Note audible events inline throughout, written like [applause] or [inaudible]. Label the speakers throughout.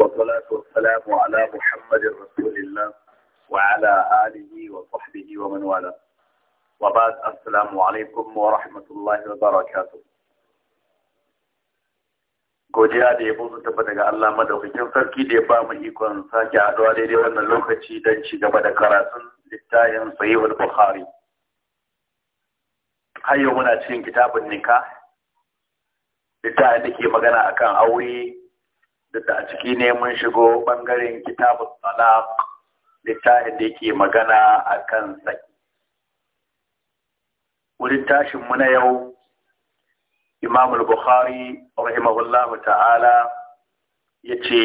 Speaker 1: والصلاة والسلام على محمد رسول الله وعلى آله وصحبه ومن والاه وبعد السلام عليكم ورحمة الله وبركاته godiya da ya buzu tabbata ga Allah madaukakin sarki da ya ba mu ikon sake haɗuwa daidai wannan lokaci don ci gaba da karatun littafin sahihul bukhari har yau muna cikin kitabun nikah littafin da ke magana akan aure da a ciki ne mun shigo bangaren kitabun talaq littafin da yake magana a kan saki wurin tashin mu na yau imam al-bukhari rahimahullahu ta'ala ya ce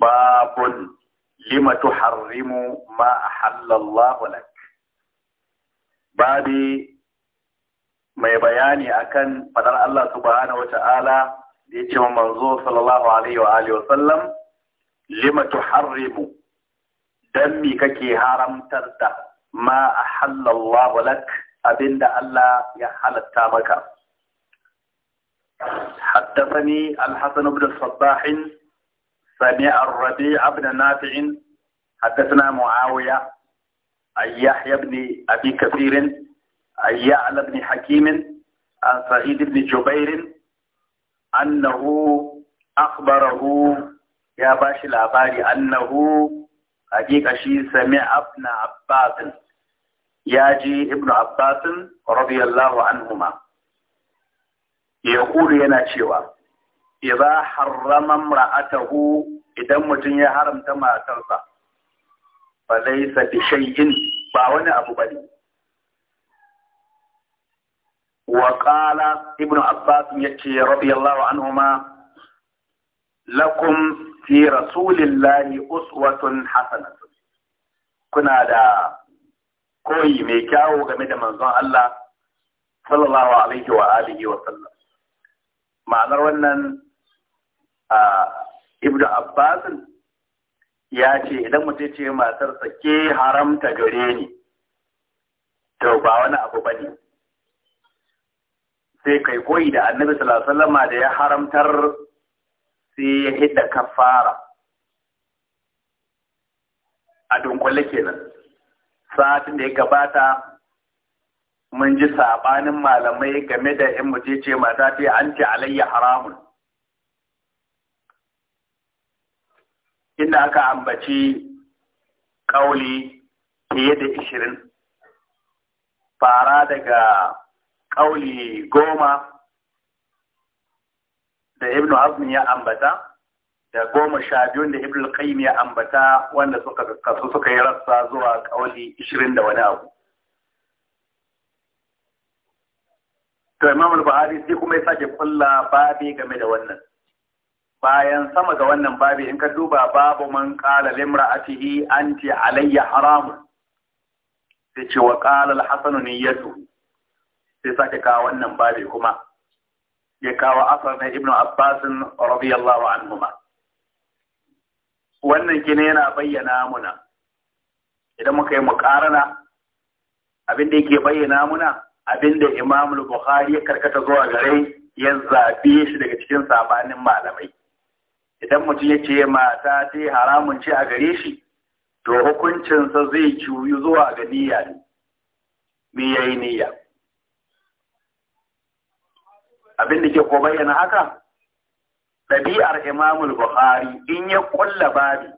Speaker 1: babun limatu harrimu ma a Allah lak babi mai bayani akan kan Allah subhanahu wa ta'ala ديتي ومنظور صلى الله عليه وآله وسلم لما تحرم دمي كي حرم ترتا ما أحل الله لك أبن الله يحل التامك حدثني الحسن بن الصباح سمع الربيع بن نافع حدثنا معاوية اي يحيى بن أبي كثير اي يعلى بن حكيم عن سعيد بن جبير annahu akhbarahu ya bashi labari annahu hakika shi sami'a ibn Abbas ya ji ibn Abbas radiyallahu anhuma yaqulu yana cewa idza harrama imra'atahu idan mutum ya haramta matarsa fa laysa bi shay'in ba wani abu bane wa qala ibn abbas yace radiyallahu anhuma lakum fi rasulillahi uswatun hasanatun kuna da koyi mai kyawu game da manzon Allah sallallahu alaihi wa alihi wa sallam ma'anar wannan ibnu abbas ya ce idan mutum ce matarsa ke haramta gare ni to ba wani abu bane sai kai koyi da annabi sallallahu da ya haramtar sai ya hidda kafara a dunkule kenan satin da ya gabata mun ji sabanin malamai game da in mutum ce mata ce an ce alayya haramun inda aka ambaci kauli fiye da ishirin fara daga ƙauli goma da ibnu azmi ya ambata da goma sha biyun da ibnu qayyim ya ambata wanda suka kasu suka yi rassa zuwa ƙauli ishirin da wani abu to imam al bahari sai kuma ya sake kulla babi game da wannan bayan sama ga wannan babi in ka duba babu man qala limra'atihi anti alayya haramun sai ce wa qala al-hasan niyyatuhu sai sake kawo wannan babi kuma ya kawo asar na ibnu abbasin radiyallahu anhuma wannan kine yana bayyana muna idan muka yi mukarana abin da yake bayyana muna abin da imam al-bukhari ya karkata zuwa gare ya zabe shi daga cikin sabanin malamai idan mutum ya ce mata ta haramun ce a gare shi to hukuncinsa zai juyu zuwa ga niyya ne me yayi niyya abin da ke ko bayyana haka ɗabi'ar imamul Buhari in ya kulla babi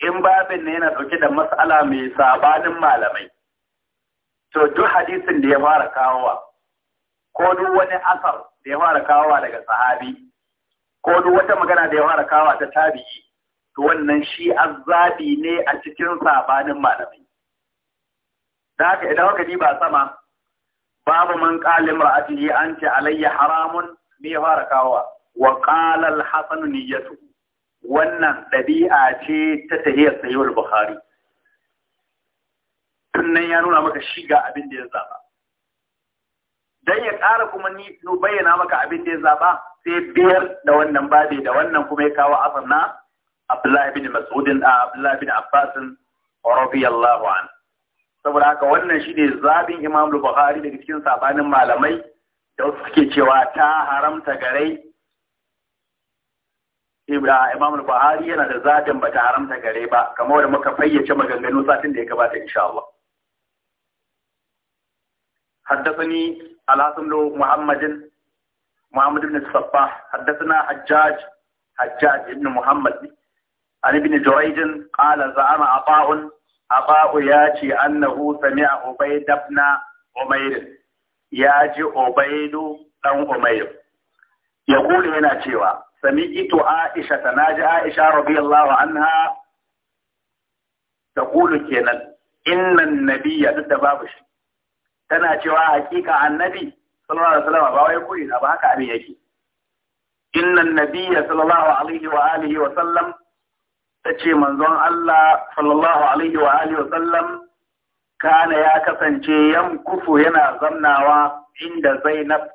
Speaker 1: in babin ne yana ɗauke da matsala mai sabanin malamai to duk hadisin da ya fara kawowa ko duk wani asar da ya fara kawowa daga sahabi ko duk wata magana da ya fara kawowa ta tabi'i to wannan shi azabi ne a cikin sabanin malamai da haka idan haka ba sama babu man qala an ce alayya haramun me fara kawa wa qala al-hasan niyyatu wannan dabi'a ce ta tahiyar sahih al-bukhari tunan ya nuna maka shiga abin da ya zaba dan ya ƙara kuma ni bayyana maka abin da ya zaba sai biyar da wannan babi da wannan kuma ya kawo asar na Abdullahi bin Mas'udin Abdullahi bin Abbasin radiyallahu anhu saboda haka wannan shi ne zabin imam bukhari daga cikin sabanin malamai da suke cewa ta haramta gare imam bukhari yana da zabin ba ta haramta gare ba kamar da muka fayyace maganganu satin da ya gabata insha Allah حدثني الحسن لو محمد محمد بن الصباح حدثنا حجاج حجاج بن محمد عن ابن جريج قال زعم عطاء Aba'u ya ce annahu sami'a Ubaid ibn Umair ya ji Ubaidu dan Umair ya kula yana cewa sami ito Aisha ta na ji Aisha an anha ta kula kenan innan nabiyya duk da babu shi tana cewa hakika annabi sallallahu alaihi wasallam ba wai koyi ba haka abin yake innan nabiyya sallallahu alaihi wa alihi wa sallam ta ce manzon Allah sallallahu alaihi wa alihi wa sallam kana ya kasance yan kufu yana zamnawa inda Zainab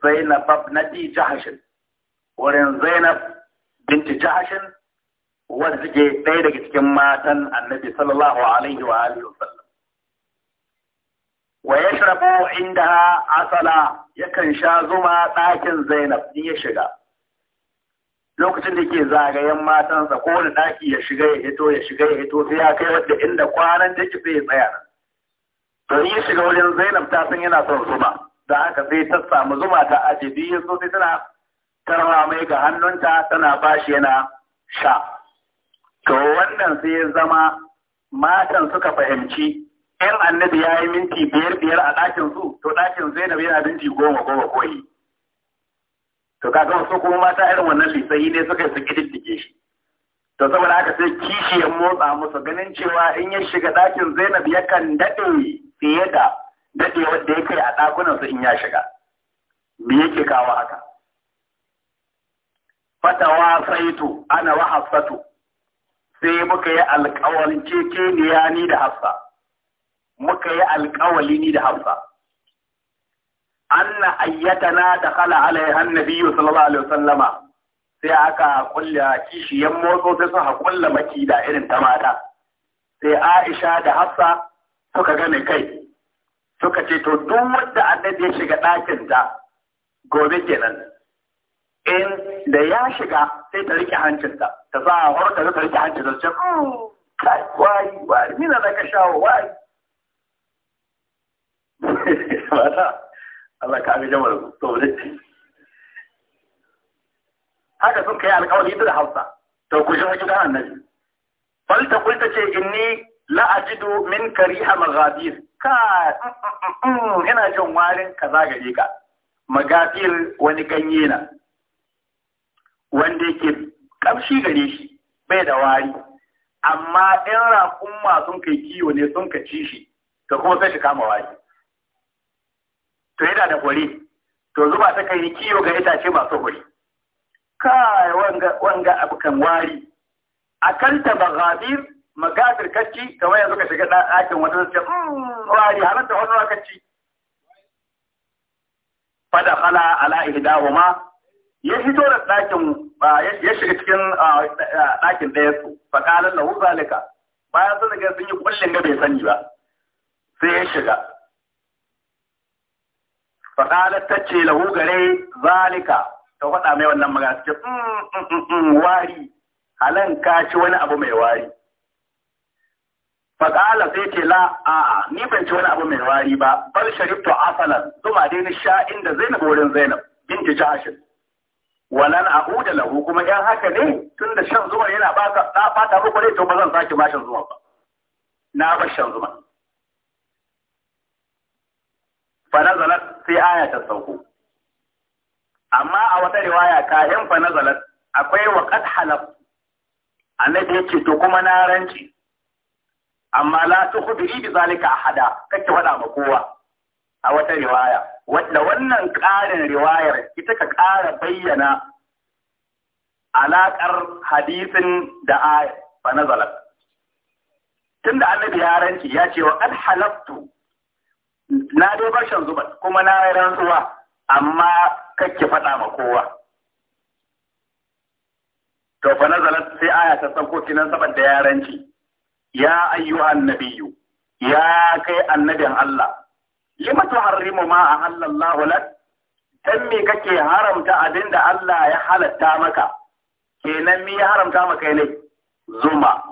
Speaker 1: Zainab ibnati Jahash wurin Zainab binti Jahash wanda take ɗaya daga cikin matan Annabi sallallahu alaihi wa alihi wa sallam wa yashrabu indaha asala yakan sha zuma ɗakin Zainab din ya shiga lokacin da ke zagayen matansa ko wani ɗaki ya shiga ya hito ya shiga ya hito sai ya kai wadda inda kwanan take sai ya tsaya to ya shiga wajen Zainab ta san yana son zuma da haka sai ta samu zuma ta aje biyu ya so sai tana tarwa mai ga hannunta tana bashi yana sha to wannan sai ya zama matan suka fahimci in annabi ya yi minti biyar biyar a ɗakin su to ɗakin Zainab yana minti goma goma koyi to kaga wasu kuma mata irin wannan lissahi ne suka su kididdige shi to saboda haka sai kishi motsa musu ganin cewa in ya shiga ɗakin Zainab yakan daɗe fiye da daɗe wanda ya kai a ɗakunan su in ya shiga me yake kawo haka fatawa saitu ana wa hafsatu sai muka yi alƙawarin keke ni da hafsa muka yi alƙawali ni da hafsa anna ayyatana dakhala alaiha annabi sallallahu alaihi wasallama sai aka kulla kishiyan motso sai suka kulla maki da irin ta mata sai Aisha da Hafsa suka gane kai suka ce to duk wanda annabi ya shiga ɗakin ta gobe kenan in da ya shiga sai ta rike hancinta ta sa horta ta rike hancinta ta ce hmm, kai wai wai mina na ka shawo wai [laughs] Allah ka yi mana saboda haka sun kai alƙawari da Hausa to ku ji wajen annabi bal ta kulta ce inni la ajidu min kariha maghadir ka mm, mm, mm, ina jin warin kaza gare ka magafir wani ganye na wanda yake kamshi gare shi bai da wari amma in raƙumma sun kai kiwo ne sun ka ci shi to kuma sai shi kama wari to yana da hori to zuba ta kai kiyo ga itace masu hori kai wanga wanga abu kan wari akanta bagadir magadir kacci kamar yanzu ka shiga ɗakin wata mm, wari halatta wani kacci fada kala ala ihdahuma ya fito da ɗakin ya shiga cikin ɗakin ɗaya su faƙalar lahu zalika bayan sun ga sun yi kullun ga bai sani ba sai ya shiga faɗaɗa ta ce lahu gare zalika ta faɗa mai wannan magana ce mm, mm, mm, wari halan ka ci wani abu mai wari faƙala sai ce la a ni ban ci wani abu mai wari ba bal shariftu asalan zuma dai ni sha inda zainab wurin zainab binti jahashin walan huda lahu kuma yan haka ne tunda shan zuma yana baka na fata muku ne to ba zan sake ma shan zuma ba na bar shan zuma fa nazalat sai aya ta sauko amma a wata riwaya kayan fa nazalat akwai wa qad halaf annabi yace to kuma na ranci amma la tukhbiri bi zalika ahada kake faɗa ma kowa a wata riwaya wanda wannan ƙarin riwayar ita ka ƙara bayyana alaƙar hadisin da aya fa nazalat tunda annabi ya ranci ya ce wa qad halaftu na dai bar shan zubar kuma na yi rantsuwa amma kake faɗa ma kowa to fa nazalat sai aya ta sauko kinan saboda yaranci ya ayyuhan nabiyyu ya kai annabin Allah lima tuharrimu ma a lak dan me kake haramta abinda Allah ya halatta maka kenan me ya haramta maka ne zuma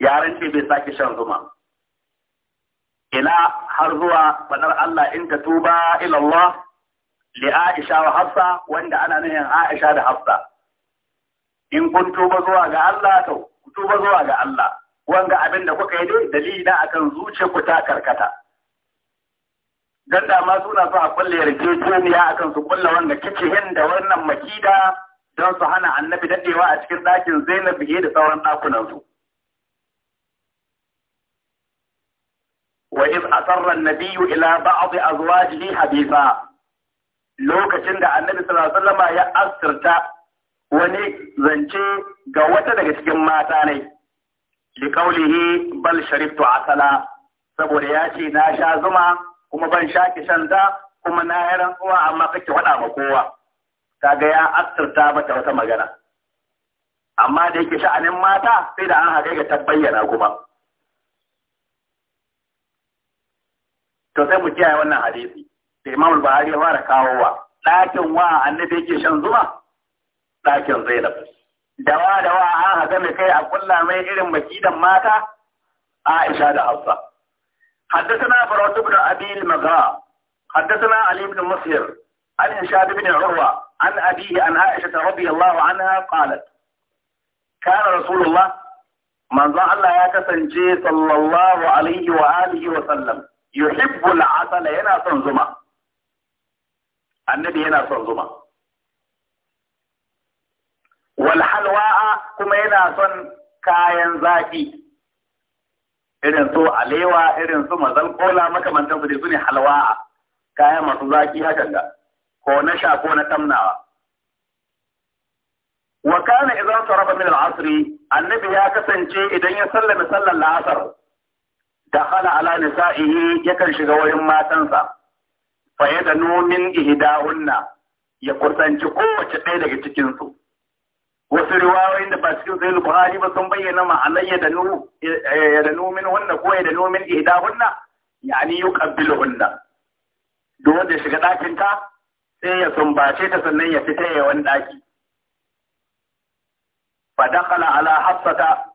Speaker 1: yaranci bai sake shan zuma ila har zuwa fadar Allah in ta tuba ila Allah li Aisha wa Hafsa wanda ana nuhin Aisha da Hafsa in kun tuba zuwa ga Allah to ku tuba zuwa ga Allah wanga abin da kuka yi dai dalili akan zuciya ku ta karkata dan da ma suna so a kulle yarjejeniya akan su kulla wanda kicihin da wannan makida don su hana annabi dadewa a cikin ɗakin Zainab da sauran ɗakunansu. su wa iz asarra an-nabiyyu ila zuwa azwajihi haditha lokacin da annabi sallallahu alaihi ya asirta wani zance ga wata daga cikin mata ne li qawlihi bal sharibtu asala saboda ya ce na sha zuma kuma ban sha shanta, kuma na yaran uwa amma kake wada ma kowa kaga ya asirta mata wata magana amma da yake sha'anin mata sai da an haɗe ta bayyana kuma to sai mu kiyaye wannan hadisi da Imam Buhari ya fara kawowa ɗakin wa annabi yake shan zuma ɗakin Zainab dawa dawa an haga mai kai a kulla mai irin makidan mata Aisha da Hafsa حدثنا فرات بن أبي المغا حدثنا علي بن مسهر عن هشام بن عروة عن أبيه عن عائشة رضي الله عنها قالت كان رسول الله من الله يا صلى الله عليه وآله وسلم yuhibbul asala yana son zuma annabi yana son zuma wal halwa kuma yana son kayan zaki irin su alewa irin su mazal kola makamantan su dai su ne halwa'a kayan masu zaki hakan da ko na sha ko na tamnawa wa kana idan sarrafa min al annabi ya kasance idan ya sallama sallar al-asr dakhala ala nisa'ihi yakan shiga wurin matansa fa yadanu min ihdahunna ya kursanci kowace ɗaya daga cikin su wasu riwayoyin da ba cikin sahih buhari ba sun bayyana ma'anar da yadanu eh, min hunna ko yadanu min ihdahunna yani hunna duk wanda shiga ɗakin sai ya sumbace ta sannan ya fita ya wani ɗaki fa dakhala ala hafsata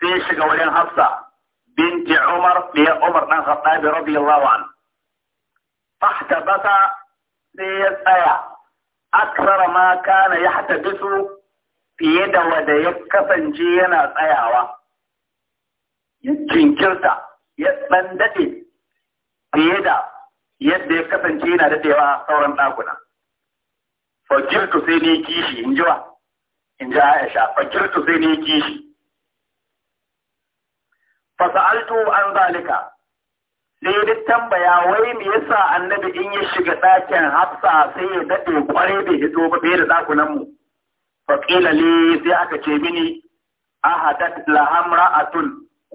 Speaker 1: sai shiga wurin hafsa بنت عمر هي عمر بن الخطاب رضي الله عنه فاحتبس في الآية أكثر ما كان يحتبس في يد وديك كفنجينا سياوة يجين كلتا يتبندتي في يد يد كفنجينا دتيوا ثورا تاكونا فجلت سيني كيشي انجوا انجا عائشة فجلت سيني كيشي fasa'altu an zalika sai duk tambaya wai me yasa annabi in ya shiga ɗakin hafsa sai ya daɗe kwarai bai hito ba bai da ɗakunan mu fa kila li sai aka ce mini ahadat laham ra'atun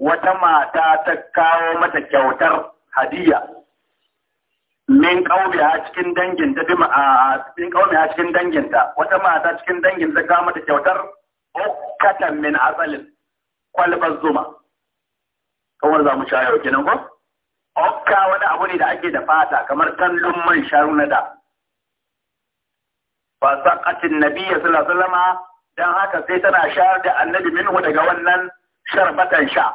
Speaker 1: wata mata ta kawo mata kyautar hadiya min a cikin dangin ta bima a cikin dangin cikin wata mata cikin dangin ta kawo mata kyautar ukatan min asalin kwalbar zuma kawar za mu shayar kenan ko okka wani abu ne da ake da fata kamar kallon man sharu na da fa saqatin nabiyyi sallallahu alaihi wasallam dan haka sai tana shayar da annabi minhu daga wannan sharbatan sha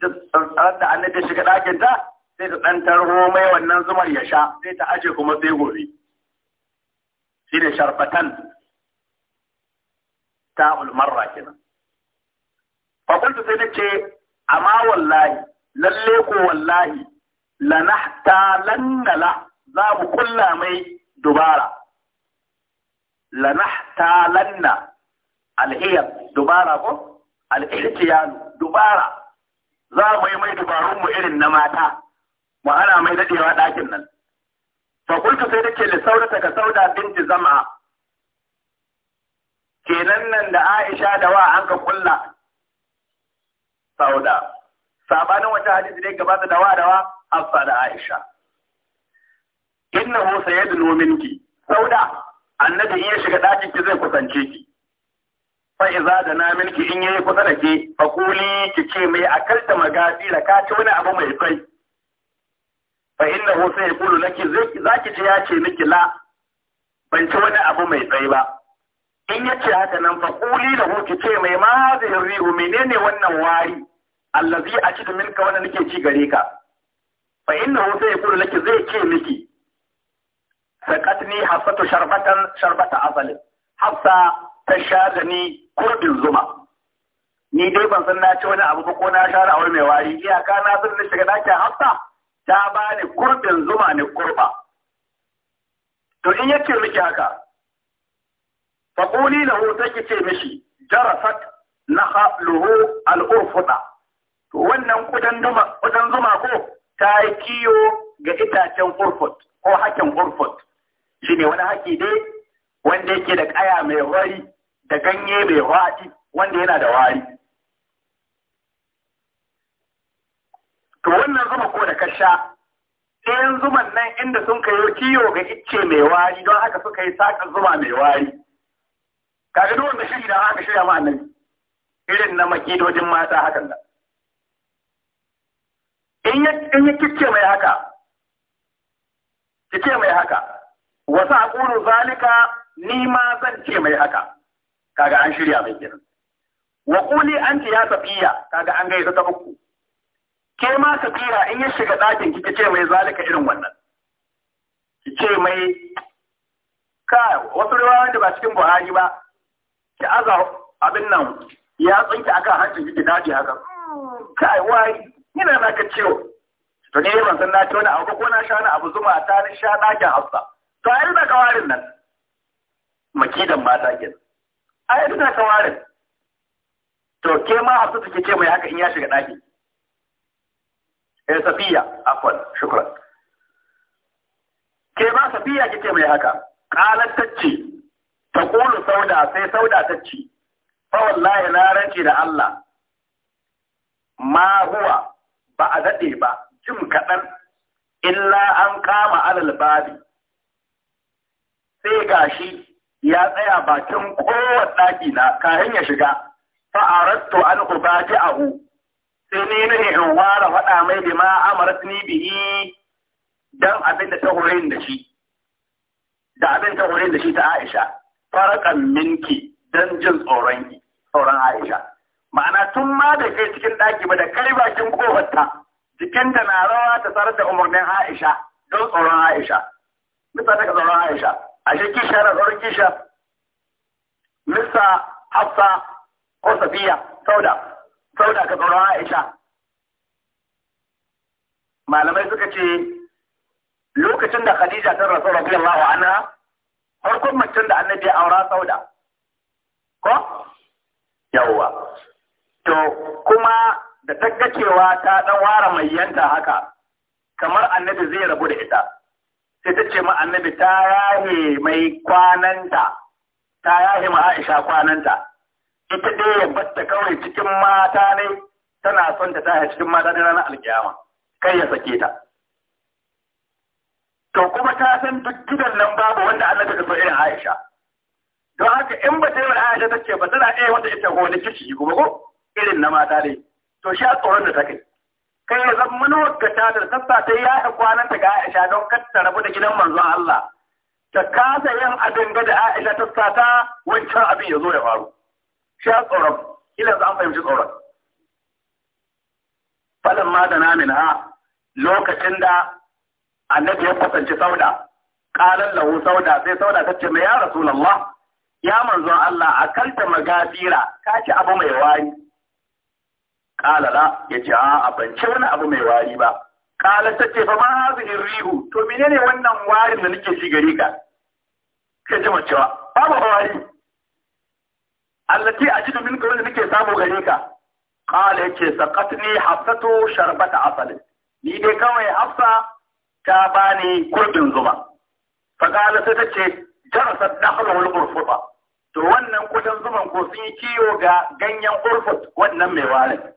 Speaker 1: duk tsantsar da annabi shiga ɗakin ta sai ta ɗan tarho mai wannan zumar ya sha sai ta aje kuma sai gobe shi ne sharbatan ta ulmarra kenan fakultu sai ta ce amma wallahi lalle ko wallahi lanahtalanna la za mu kulla mai dubara lanahtalanna alhiyar dubara ko al'ihtiyanu dubara za mu yi mai dubarun mu irin na mata mu ana mai dadewa ɗakin nan fa kulka sai dake le saurata ka sauda binti zama kenan nan da Aisha da wa an ka kulla sauda sabanin wata hadisi da gaba gabata dawa dawa Hafsa da Aisha innahu nominki, minki sauda annabi in ya shiga ɗakin ki zai kusance ki fa iza da na minki in yayi kusa da ke fa kuli ki ce mai akalta magadi da ka ci wani abu mai kai fa innahu sai laki zaki ce ya ce miki la ban ci wani abu mai tsayi ba in ya ce haka nan fa kuli lahu ki ce mai ma zai rihu menene wannan wari allazi a cikin minka wanda nake ci gare ka fa hu sai yaqulu laki zai ce miki saqatni hafsatu sharbatan sharbata azali hafsa ta ni kurbin zuma ni dai ban san na ci wani abu ba ko na share aure mai wari iyaka na zan ni shiga dakin hafsa ta bani kurbin zuma ne kurba to in yace miki haka fa quli lahu take ce mishi jarasat nahluhu al-urfuta to wannan kudan zuma ko ta yi kiyo ga itacen urfut ko haken urfut shi ne wani haki dai wanda yake da ƙaya mai wari da ganye mai waɗi wanda yana da wari to wannan zuma ko da ka sha ɗayan zuman nan inda sun kayo kiyo ga icce mai wari don haka suka yi saƙa zuma mai wari kaga duk wanda shiri da haka shirya ma nan, irin na makidojin mata hakan nan in ya kicce mai haka kice mai haka wasu aqulu zalika ni ma zan ce mai haka kaga an shirya mai kiran wa an anti ya safiya kaga an gaida ta uku ke ma safiya in ya shiga ɗakin ki ce mai zalika irin wannan kice mai ka wasu riwayoyin da ba cikin Buhari ba ki aza abin nan ya tsinki akan hancin ki daji haka hmm, kai wai Ina na ka ciwo to ne ban san na ci wani abu ko na sha wani abu zuma ta ni sha ɗakin hafsa to ai da kawarin nan makidan mata ke ai da kawarin to ke ma hafsa take ce mai haka in ya shiga ɗaki eh safiya afwan shukran ke ma safiya kike mai haka qalat tacce ta kulu sauda sai sauda tacce fa wallahi na rance da Allah ma huwa ba a daɗe ba jin kaɗan illa an kama alal babi sai gashi ya tsaya bakin kowace ɗaki na kayan ya shiga Fa fa'arattu an ubati ahu sai ne ne in wara faɗa mai bima amarat ni bihi dan abin da ta horin da shi da abin ta horin da shi ta Aisha farakan minki dan jin tsoron tsoron Aisha ma'ana tun ma da kai cikin ɗaki ba da kai bakin kofarta jikinta na rawa ta tsara da umarnin Aisha don tsoron Aisha misa ta tsoron Aisha ashe kisha na tsoron kisha misa Hafsa ko Safiya sauda sauda ka tsoron Aisha malamai suka ce lokacin da Khadija ta rasu radiyallahu anha farkon mutum da annabi aura sauda ko yawwa To kuma da taggacewa ta ɗan ware mai yanta haka, kamar annabi zai rabu da ita. Sai ta ce ma annabi ta yahe mai kwananta, ta yahe ma Aisha kwananta. Ita dai ya batta kawai cikin mata ne, tana son ta tahe cikin mata da ranar alkiyama. Kai ya sake ta. To kuma ta san duk gidan nan babu wanda annabi ka so irin Aisha. Don haka in ba ta yi wa Aisha ta ce ba tana iya wata ita ko wani ko ba ko? irin na mata ne to sha tsoron da ta kai kai ya zan munuwar ka da sassa ta ya kwanan ta ga Aisha don kar ta rabu da gidan manzon Allah ta kasa yin abin da Aisha ta sata wancan abin ya zo ya faru sha tsoron ila za an fahimci tsoron falan ma da namin ha lokacin da annabi ya kusanci sauda kalan lahu sauda sai sauda ta ce mai ya rasulullah ya manzon Allah akalta magafira ka ci abu mai wani kala la ce a ban ce wani abu mai wari ba ta ce fa ma hadhihi rihu to menene wannan warin da nake shi gari ka sai ta mace babu wari allati ajidu minka wanda nake samu gari ka ya ce saqatni hafsatu sharbata asali ni dai kawai hafsa ta bani kurbin zuma fa qala ta ce jarasat dakhlu wal qurfata to wannan kudin zuman ko sun yi kiyo ga ganyen urfut wannan mai warin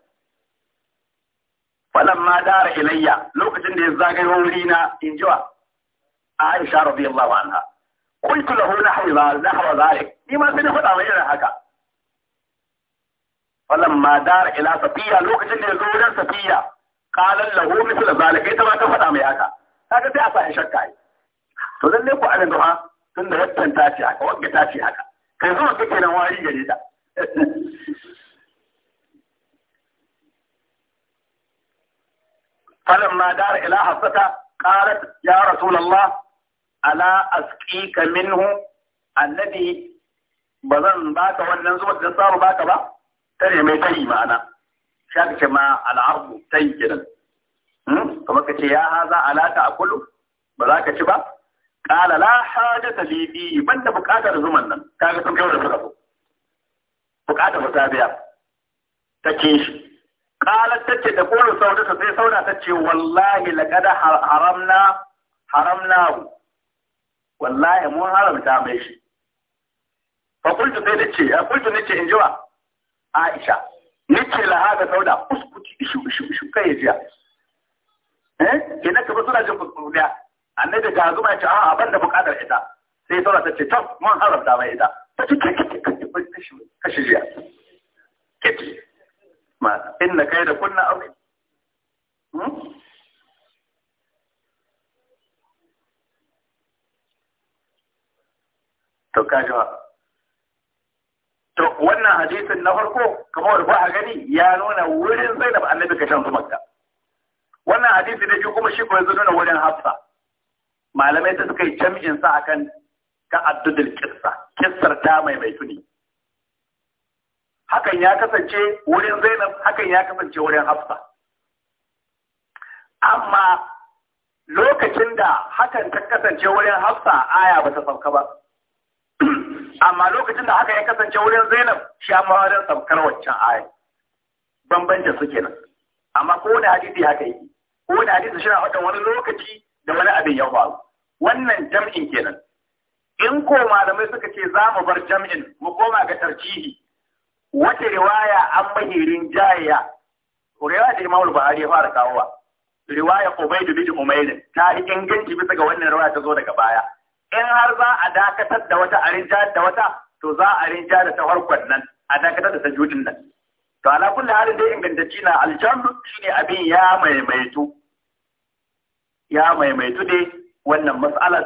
Speaker 1: falamma dara ilayya lokacin da ya zagayo wuri na injiwa Aisha radiyallahu anha qultu lahu nahwa nahwa zalik ni ma sai na faɗa mai irin haka falamma dara ila safiya lokacin da ya zo wurin safiya qala lahu mithla zalik ita ma ta faɗa mai haka kaga sai a sa shakka yi lalle ku anan duha tunda wannan ta ce haka ta ce haka kai zuwa kake wari gare [laughs] فلما دار إلى حفصة قالت يا رسول الله ألا أسقيك منه الذي بظن باك والنزوة نصار باك با تري مي تري معنا شاك ما العرض تي كده كما كتي يا هذا ألا تأكله بذاك شبا قال لا حاجة لي فيه من بقاتل زمنا كان كم كم بقاتل متابعة تكيش qalat tace da qulu sauda sai sauda tace wallahi laqad haramna haramna wallahi mun haramta mai shi fa qultu sai da ce qultu nace in jiwa Aisha nace la hada sauda kuskuti ishu ishu ishu kai jiya eh kina ka suna jin kuskuti annabi ga zuma ce a ban da bukatar ita sai sauda tace to mun haramta mai ita tace kashe jiya kace in na kai da kunna abu hmm? to kaji ba to wannan hadisin na farko kamar ba a gani ya nuna wurin Zainab annabi ka shan makka wannan hadisi da biyu kuma shi ko yanzu nuna wurin Hafsa malamai ta suka yi jami'in sa akan ta'addudul qissa kissar ta mai mai tuni hakan ya kasance wurin zainab hakan ya kasance wurin hafsa amma lokacin da hakan ta kasance wurin hafsa aya ba ta sauka ba [clears throat] amma lokacin da haka ya kasance wurin zainab shi amma wajen saukar waccan aya bambancin suke nan, amma ko wani hadisi haka yi, ko wani hadisi shi na faɗin wani lokaci da wani abin ya faru wannan jam'in kenan in ko malamai suka ce za mu bar jam'in mu koma ga tarjihi wata riwaya an mahirin jaya riwaya da Imam Buhari ya fara kawowa riwaya Ubayd bin Umayr ta yi inganci bisa ga wannan riwaya ta zo daga baya in har za a dakatar da wata a da wata to za a arinja da ta farkon nan a dakatar da ta judin nan to ala kulli halin dai ingantacci na aljannu shine abin ya maimaitu ya maimaitu dai wannan mas'alar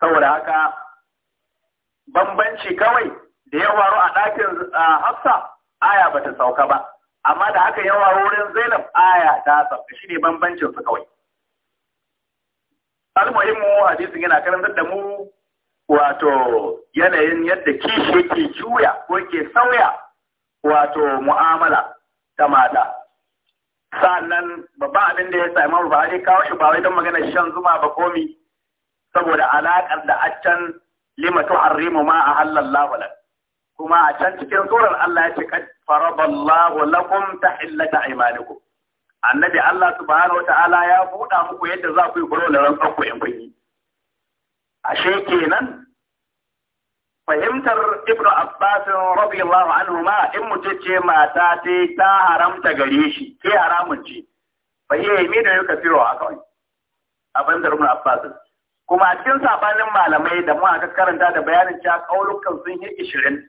Speaker 1: saboda haka bambanci kawai da ya waro a ɗakin hafsa aya ta sauka ba amma da haka ya waru wurin zainab aya ta sauka shi ne bambancin su kawai almuhimmu hadisin yana karantar da mu wato yanayin yadda kishi yake juya ko yake sauya wato mu'amala ta mata sannan babban abin da ya sami ba ne kawo shi ba wai don magana shan zuma ba komi saboda alaƙar da accan lima tuharrimu ma a halallahu lak kuma a can cikin surar Allah ya ce kad faraballahu lakum tahillata imanikum annabi Allah subhanahu wataala ya buɗa muku yadda za ku yi guro da rantsar 'yan in A ashe kenan fahimtar Ibn Abbas Allah anhu ma in mu ce mata ce ta haramta gare shi ke haramun ce fa hiya firo a kawai. A fahimtar Ibn Abbas kuma a cikin sabanin malamai da mu aka karanta da bayanin cewa sun yi ishirin,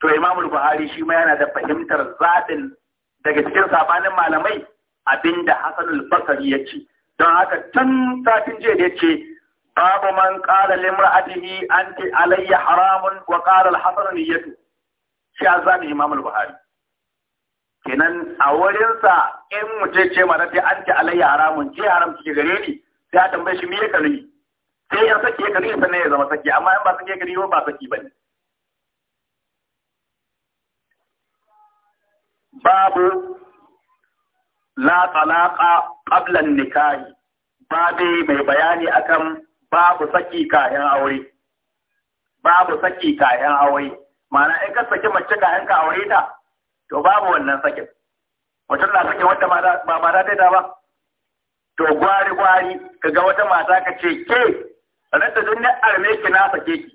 Speaker 1: to imamul buhari shi ma yana da fahimtar zaɓin daga cikin sabanin malamai abinda hasanul basari ya ce don haka tun safin jiya da ce babu man ƙara limra'atihi ce alayya haramun wa qala alhasanul hasan shi a imam Imamul buhari kenan a wurinsa, in mutum ce mata an ce alayya haramun ce haram ki gare ni sai a tambaye shi me ya kalli sai ya sake kare sannan ya zama sake amma in ba sake kalli ba sake ne. babu la talaqa qabla nikahi babu mai bayani akan babu saki kayan aure babu saki kayan aure Mana in ka saki mace kayan ka aure ta to babu wannan sakin mutum na sakin wanda ba mata ta ba to gwari gwari kaga wata mata ka ce ke ranar da duniya arme ki na sake ki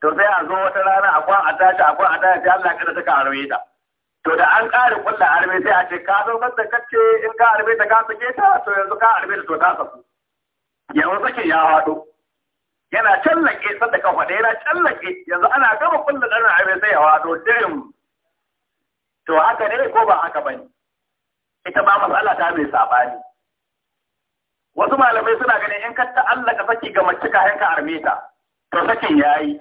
Speaker 1: to sai a zo wata rana a kwan a tashi a kwan a tashi Allah kada ta ka arme ta to da an ƙara kulla harbe sai a ce ka zo da kacce in ka harbe ta ka sake ta to yanzu ka harbe da to ta saku yanzu sake ya haɗo yana challake sadda ka faɗa yana challake yanzu ana gama kulla ɗarin harbe sai ya haɗo dirim to haka ne ko ba haka ba ne? ita ba matsala ta mai saɓani wasu malamai suna ganin in ka ta'allaka saki ga mace ka hanka ta to sakin yayi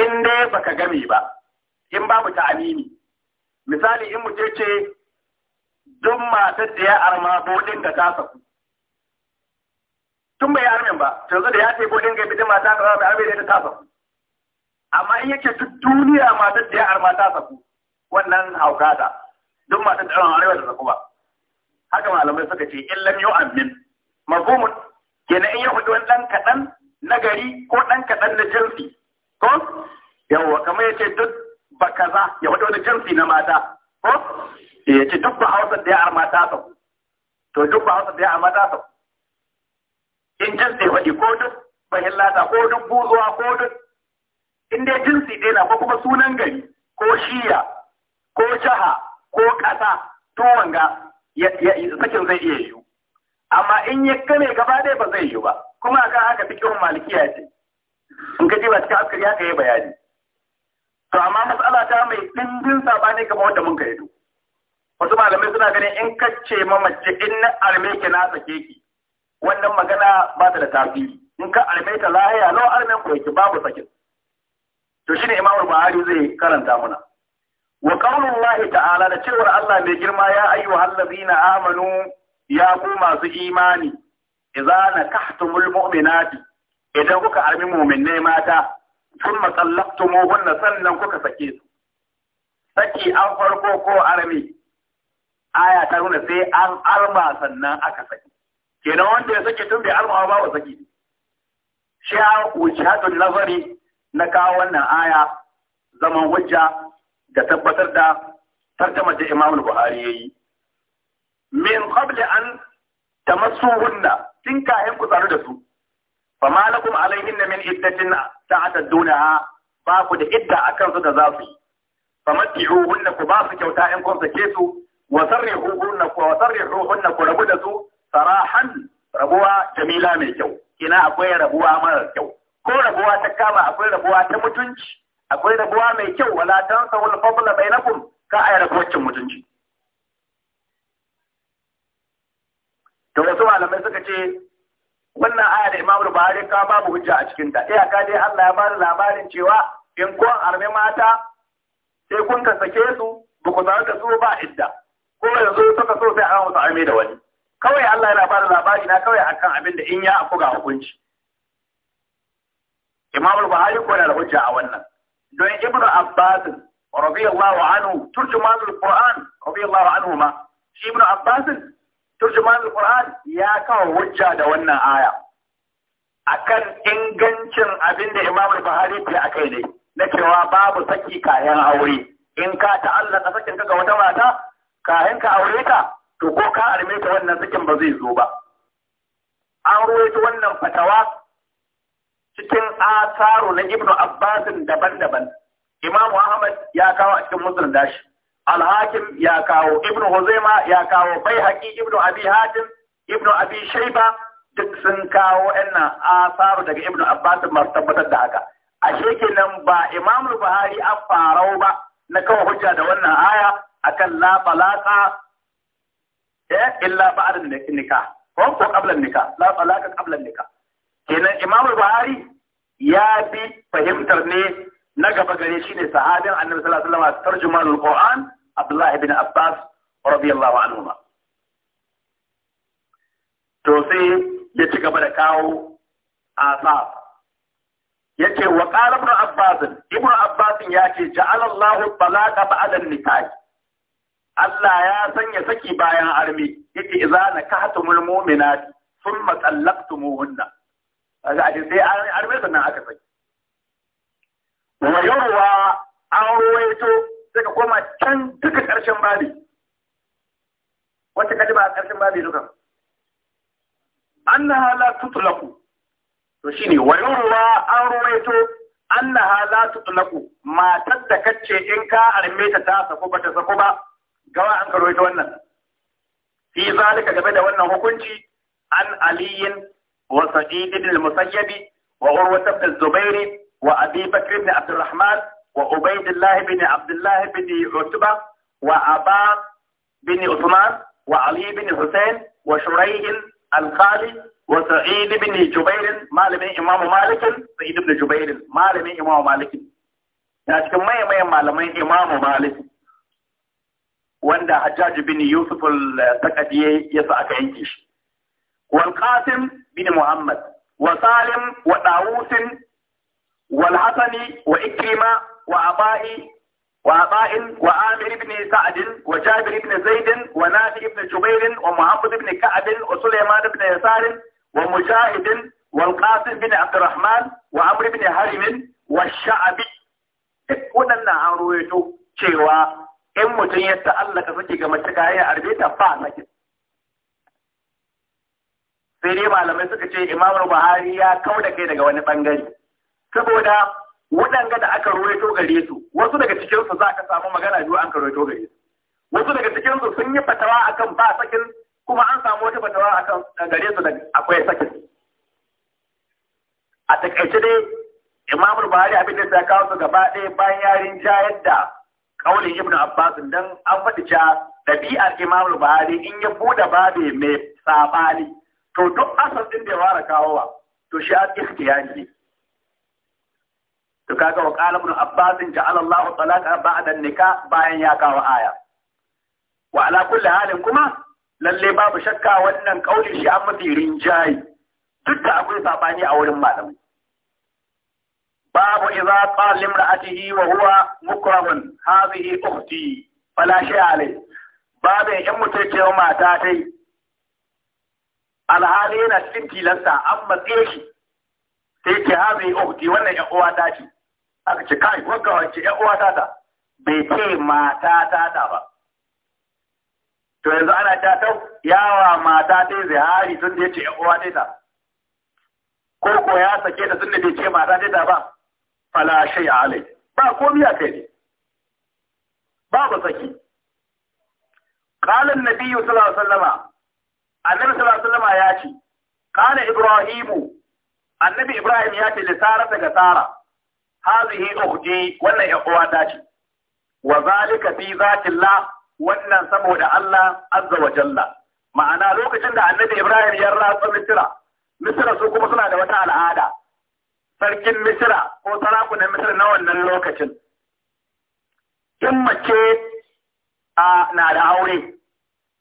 Speaker 1: in dai baka game ba in babu Amini. misali in mu ce duk matar da ya arma bodin da ta saku tun bai armin ba yanzu da ya ce bodin ga bidin mata ka bai arme da ta saku amma in yake tun duniya matar da ya arma ta saku wannan hauka ta duk matar da yawan arewa da saku ba haka malamai suka ce in lam yu amin mafhumun kenan in ya hudu wani dan kaɗan na gari ko dan kaɗan na jinsi ko yawwa kamar yace duk ba kaza ya wata wani jinsi na mata ko eh, ya ce duk ba hausa da ya arma ta sau to duk ba hausa da ya arma ta sau in jinsi ya faɗi ko duk bahin lata ko duk buzuwa ko duk in dai jinsi dai na ko kuma sunan gari ko shiya ko jaha ko ƙasa to wanga sakin zai iya yiwu amma in ya kame gaba ɗaya ba zai yiwu ba kuma akan haka fikin malikiya ce in ka ji ba cikin askari haka yi bayani to amma matsala ta mai dindin sabani kamar wanda mun gaido wasu malamai suna ganin in kacce mace in na arme ki na tsake ki wannan magana ba ta da tasiri in ka arme ta lahiya lau arme ku yake babu sakin to shi ne imamul buhari zai karanta muna wa qaulullahi ta'ala da cewar Allah mai girma ya na amanu ya ku masu imani idza nakahtumul mu'minati idan kuka armi mu'minai mata sun matsallaktumo hunna sannan kuka sake su saki an farko ko arami aya ta nuna sai an arma sannan aka saki kenan wanda ya sake tun bai arma ba wa saki shi wuce hatun nazari na kawo wannan aya zaman hujja da tabbatar da tartamar da Imam Buhari ya yi. min qabli an tamassuhunna tun kayan ku tsaru da su fama lakum alaihinna min iddatin dunaha ba ku da idda akan su da za su famatti'uhunna ku ba su kyauta in kun sake su wa sarrihuhunna ku wa sarrihuhunna ku rabu da su sarahan rabuwa jamila mai kyau ina akwai rabuwa mara kyau ko rabuwa ta kama akwai rabuwa ta mutunci akwai rabuwa mai kyau wala tansa wal fadla bainakum ka ayi rabuwacin mutunci to wasu malamai suka ce wannan aya da imamu Buhari ka babu hujja a cikin ta iyaka dai Allah ya bada labarin cewa in kun arme mata sai kun ka sake su ba ku da su ba idda ko yanzu suka so sai an wasu arme da wani kawai Allah yana bada labari na kawai akan abin da in ya aku ga hukunci Imam Buhari ko da hujja a wannan don ibnu Abbas radiyallahu anhu turjumanul Qur'an radiyallahu anhu ma ibnu Abbas turjuman alquran ya kawo hujja da wannan aya akan ingancin abin da imam al-bahari ke ne na cewa babu saki kayan aure in ka ta'allaka sakin ka ga wata mata kayan ka aure ta to ko ka arme ta wannan sakin ba zai zo ba an ruwaito wannan fatawa cikin asaru na ibnu abbasin daban-daban imamu ahmad ya kawo a cikin musulun dashi Alhakim ya kawo ibn huzaima ya kawo baihaqi ibn abi hatim ibn abi shayba duk sun kawo wannan asaru daga ibn abbas masu tabbatar da haka ashe kenan ba imam buhari an farau ba na kawo hujja da wannan aya akan la talaqa eh illa ba'da nikah ko ko qabla nika, la talaqa qabla nika. kenan imam buhari ya bi fahimtar ne na gaba gare shi ne sahabin annabi sallallahu alaihi wasallam tarjumanul qur'an Abdullahi bin Abbas radiyallahu anhu to sai ya ci gaba da kawo asab yace wa qala ibn Abbas ibn Abbas yace ja'ala Allahu talaqa ba'da an-nikah Allah ya sanya saki bayan armi yake idza nakahtumul mu'minat thumma tallaqtumuhunna kaga a sai an arme sannan aka saki wa an ruwaito sai ka koma can duka ƙarshen babi wacce ka ba a ƙarshen babi duka annaha la tutlaqu to shine wa yurwa an ruwaito annaha la tutlaqu matar da kace in ka arme ta ta sako ba ta sako ba gawa an karwaito wannan fi zalika game da wannan hukunci an aliyin wa sa'id ibn al-musayyibi wa urwa ibn zubairi wa abi bakr ibn abd وعبيد الله بن عبد الله بن عتبة وأبا بن عثمان وعلي بن حسين وشريح الخالي وسعيد بن جبير مال بن إمام مالك سعيد بن جبير مال بن إمام مالك لكن ما يمي مال من إمام مالك وعند حجاج بن يوسف السكتي يسعك إنكيش والقاسم بن محمد وسالم وداوس والحسن وإكرمة وعطاء وعطاء وعامر بن سعد وجابر بن زيد ونافع بن جبير ومحمد بن كعب وسليمان بن يسار ومجاهد والقاسم بن عبد الرحمن وعمر بن هرم والشعبي waɗannan an ruwaito cewa in mutum ya ta'allaka saki ga mace kayan arbe ta ba saki sai dai malamai suka ce imamul buhari ya kau da kai daga wani bangare saboda waɗanda da aka ruwaito gare su wasu daga cikinsu za ka samu magana biyu an ruwaito gare su wasu daga cikinsu sun yi fatawa akan ba sakin kuma an samu wata fatawa akan gare su da akwai sakin a takaice dai imamul buhari abin da ya kawo su gaba ɗaya bayan yarin ja yadda kaulin ibnu abbas dan an faɗi cewa ɗabi'ar imamul buhari in ya buɗe babe mai sabani to duk asar ɗin da ya fara kawowa to shi a ikhtiyari ne to kaga wa qala ibn abbas ja'ala Allah talaqa ba'da nikah bayan ya kawo aya wa ala kulli halin kuma lalle babu shakka wannan kaulin shi an mafi rinjayi duk da akwai sabani a wurin malamai babu idza qala limra'atihi wa huwa mukrahun hadhihi ukhti fala shay babu in mutai ce mata dai alhali yana cikin tilasta an matse shi sai ce hadhihi ukhti wannan ya uwa ta aka ce kai wagga wacce ƴan uwa ta bai ce mata ta ta ba to yanzu ana ta tau yawa mata ta zihari tun da ya yace ƴan uwa ta ko ko ya sake ta tun da bai ce mata ta ta ba fala shay alai ba komai a kai Ba ba saki qala na biyu sallallahu alaihi wasallama annabi sallallahu alaihi ya ce qala ibrahimu annabi ibrahim ya ce da sara daga sara hazihi ukhti wannan ya uwa ta ce wa zalika fi zatillah wannan saboda Allah azza wa jalla ma'ana lokacin da annabi Ibrahim ya ratsa misira, misira su kuma suna da wata al'ada sarkin misira ko sarakunan Misra na wannan lokacin in mace a na da aure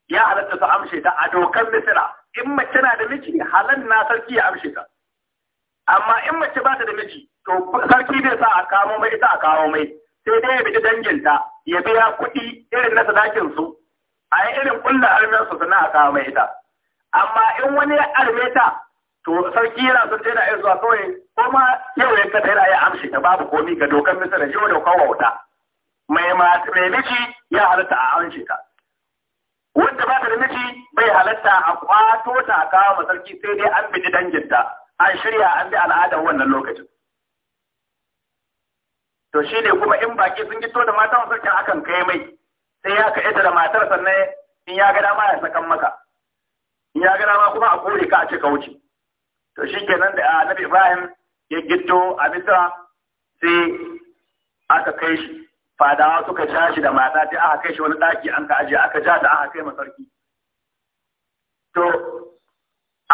Speaker 1: ya halatta su amshe ta a dokan misira. in mace na da miji halan na sarki ya amshe ta amma in mace ba ta da miji to sarki bai sa a kawo mai ita a kawo mai sai dai ya bi danginta ya biya kuɗi irin na sadakin su a yi irin kulla armen su sannan a kawo mai ita amma in wani ya arme ta to sarki yana son na iya zuwa kawai ko ma yau ya kada yana iya amshi ta babu komi ga dokar misali da jiwa dokar wauta mai mai miji ya halatta a amshi ta wanda ba ta da miji bai halatta a kwato ta a kawo masarki sai dai an bi danginta an shirya an bi al'adar wannan lokacin to shi ne kuma in baki sun gito da matan sarkin akan kai mai sai ya ka ita da matar sannan in ya ga dama ya sakan maka in ya ga dama kuma a kore ka a cika wuce to shi kenan da annabi ibrahim ya gito a bisa sai aka kai shi fadawa suka ja shi da mata sai aka kai shi wani daki an ka aje aka ja da aka kai ma sarki to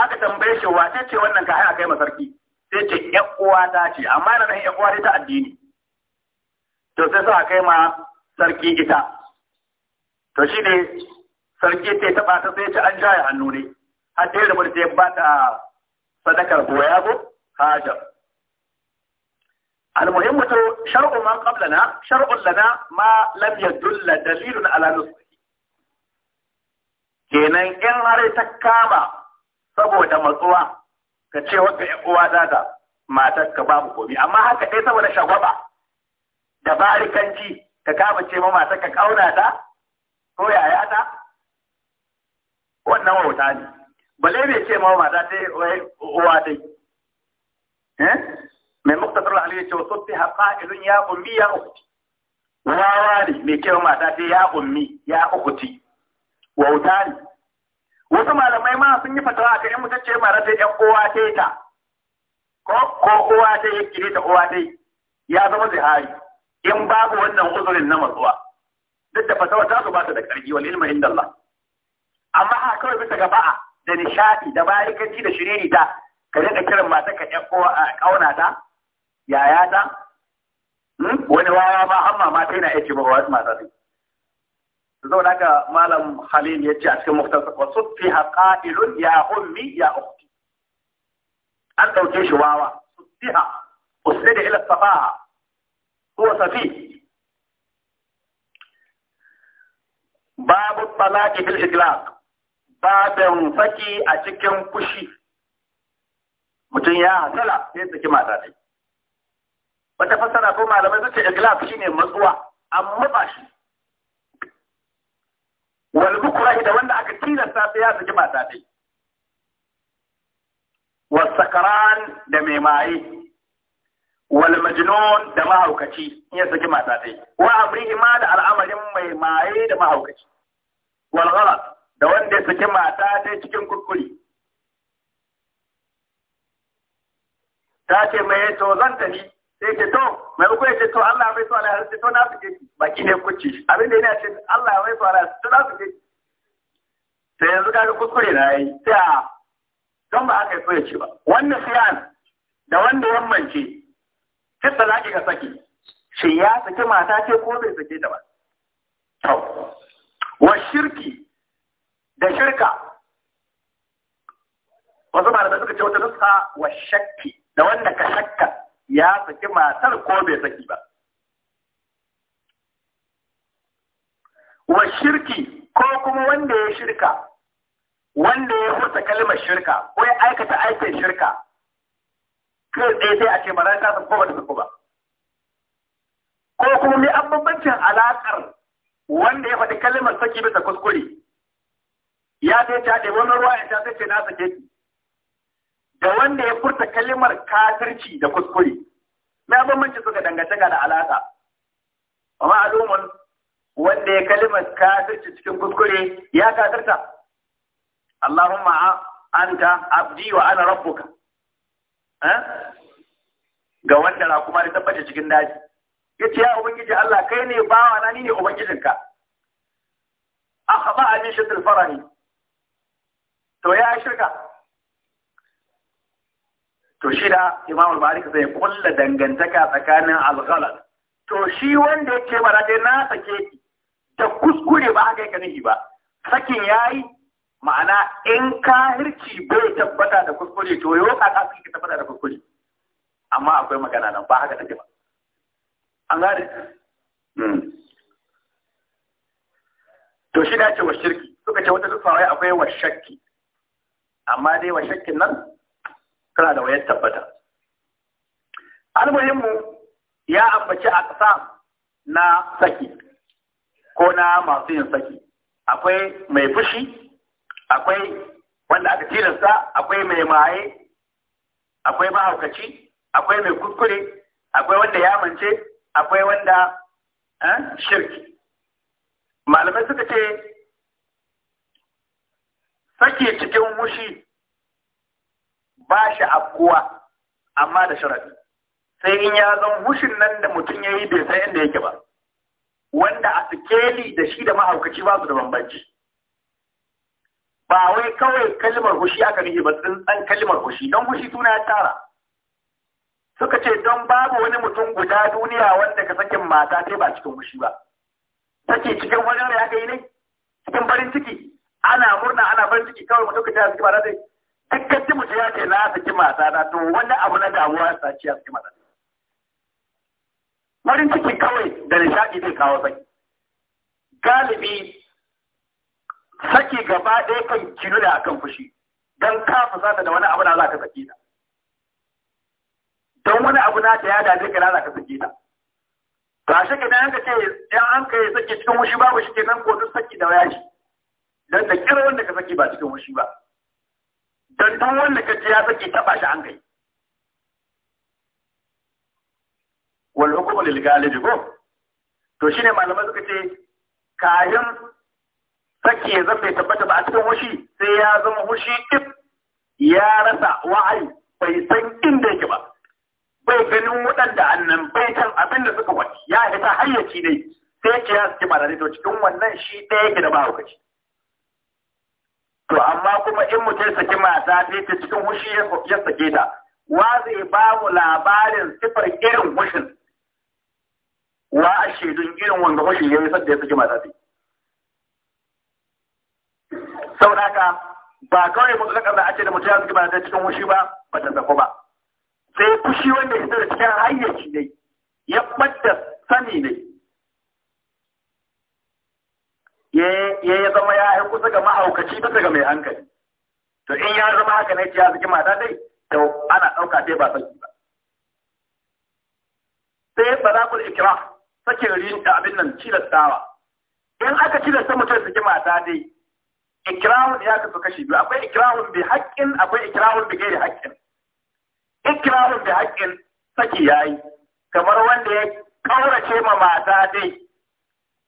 Speaker 1: aka tambaye shi wace ce wannan ka aka kai ma sarki sai ce ƴan uwa ta ce amma na nan ƴan uwa ta addini to sai suka kai ma sarki ita to shi ne sarki ta taɓa ta sai ta an jaye hannu ne har ta yi da ba ta sadakar goya ko hajar المهم تو شرع من قبلنا شرع لنا ما لم يدل دليل على kenan in har ta kama saboda matsuwa ka ce wata uwa ta matar ka babu komai, amma haka dai saboda shagwaba da barikanci ka kama ce ma mata ka kauna ta ko yaya ta wannan wauta ne bale bai ce ma mata ta wai uwa dai eh mai muktasar ya ce wasu fi irin ya ummi ya ukhti wawa ne mai ma mata ta ya ummi ya ukhti wauta ne wasu malamai ma sun yi fatawa a kan mutacce ce mara ta yan uwa ta ko ko uwa ta yi kire ta uwa ta ya zama hari in babu wannan uzurin na matsuwa duk da fasawa ta su ba ta da ƙarfi wal ilmu inda Allah amma a kawai bisa gaba da nishadi da barikanci da shiriri ta ka riƙa kiran mata ka ƴan kowa a kauna ta yaya ta hmm? wani wawa ma amma mata yana aiki ba wasu mata sai da haka malam Halil ya ce a cikin muktasar wa sufi haqailun ya ummi ya ukhti an dauke shi wawa sufiha da ila safaha huwa safi babu talaqi bil itlaq babin saki a cikin kushi mutum ya hasala sai saki mata tai wata fassara ko malamai suke itlaq shine matsuwa an matsa shi wal bukrahi da wanda aka tilasta sai ya saki mata tai wasakaran da mai maye wal majnun da mahaukaci in ya saki mata dai wa abrihi ma da al'amarin mai maye da mahaukaci wal ghalat da wanda ya saki mata dai cikin kukuri. ta ce mai eh, to zan tafi. ni sai ce to mai uku ya ce to Allah bai so Allah sai to na su shi baki ne kuci abin da yana ce Allah bai so Allah sai na su shi sai yanzu ga kuskure na yi sai a don ba aka so ya ce ba wannan siyan da wanda mance Fista za ki ga saki, shi ya saki mata ce ko bai sake ta ba. Kyau. Wa shirki da shirka. Wasu da suka ce wata nuska wa shakki da wanda ka shakka ya saki matar ko bai saki ba. Wa shirki ko kuma wanda ya shirka, wanda ya furta kalmar shirka ko ya aikata aikin shirka kai tsaye sai a ce mara ta ko ba ta ba ko kuma mai an bambancin alaƙar wanda ya faɗi kalmar saki bisa kuskure ya ce ta ɗaya wani ruwa ya ta sai ce na sake da wanda ya furta kalmar kafirci da kuskure na bambanci suka dangantaka da alaƙa amma alumun wanda ya kalmar kafirci cikin kuskure ya kafirta Allahumma anta abdi wa ana rabbuka ga wanda rakuma da tabbata cikin daji yace ya ubangiji Allah kai ne bawa na ni ne ubangijinka a min shaddil farani to ya shirka to shi da Imam al-Malik zai kulla dangantaka tsakanin al-ghalat to shi wanda yake bara dai na sake ki da kuskure ba haka yake nihi ba sakin yayi ma'ana in kahirci bai tabbata da kuskure to yau ka kasu ki tabbata da kuskure amma akwai magana nan ba haka take ba an gane hmm. to shi da ce wa shirki suka ce wata tsawaye akwai wa shakki amma dai wa shakkin nan kana da wayar tabbata almuhimmu ya ambaci ƙasa na saki ko na masu yin saki akwai mai fushi akwai wanda aka tilasta akwai mai maye akwai mahaukaci akwai mai kuskure akwai wanda ya mance akwai wanda eh, shirki malamai suka ce sake cikin mushi ba shi afkuwa amma da sharafi sai in ya zan hushin nan da mutum ya yi bai san inda yake ba wanda a sikeli da shi da mahaukaci ba su da bambanci ba wai kawai kalmar hushi aka nufi ba tsantsan kalmar hushi don hushi suna ya tara suka ce don babu wani mutum guda duniya wanda ka sakin mata sai ba cikin hushi ba take cikin wajen da aka yi ne cikin farin ciki ana murna ana farin ciki kawai mutum ka ta saki mata sai dukkan ci mutum ya ce na saki mata na to wani abu na damuwa ya saci ya saki mata farin ciki kawai da nishaɗi zai kawo sai galibi saki gaba ɗaya kan kinu da akan fushi don ka fusata da wani abu na za ka sake ta don wani abu na ta ya dame kira za ka sake ta ba shi ke nan ka ce yan an kai sake cikin wushi ba wushi ke nan ko duk saki da yaji don da kira wanda ka saki ba cikin wushi ba don duk wanda ka ji ya sake taɓa shi an kai wal hukumu lil galibi ko to shine malamai suka ce kayan sake ya zama bai tabbata ba a cikin hushi sai ya zama hushi ɗin ya rasa wa'ayi bai san inda yake ba bai ganin waɗanda annan bai kan abin da suka wani ya hita hayyaci ne sai ke ya suke malari to cikin wannan shi ɗaya yake da mahaukaci to amma kuma in mutum saki mata sai ta cikin hushi ya sake ta wa zai ba mu labarin sifar irin hushin wa a shaidun irin wanga hushin ya yi sadda ya saki mata sai sauraka ba kawai mun kaka da ake da mutum ya ba da cikin wushi ba ba ta zaku ba sai kushi wanda ya da cikin hayyaci ne ya bada sani ne ya ya zama ya yi kusa ga mahaukaci ta ga mai hankali to in ya zama haka ne ya zuki mata dai to ana ɗauka sai ba Sai ba sai balagul ikra sakin rinta abin nan cilastawa in aka cilasta mutum zuki mata dai ikrahun ya kasu kashi biyu akwai ikrahun bi haƙƙin akwai ikrahun bi gairi haƙƙin ikrahun bi haƙƙin saki yayi kamar wanda ya kaurace ma mata dai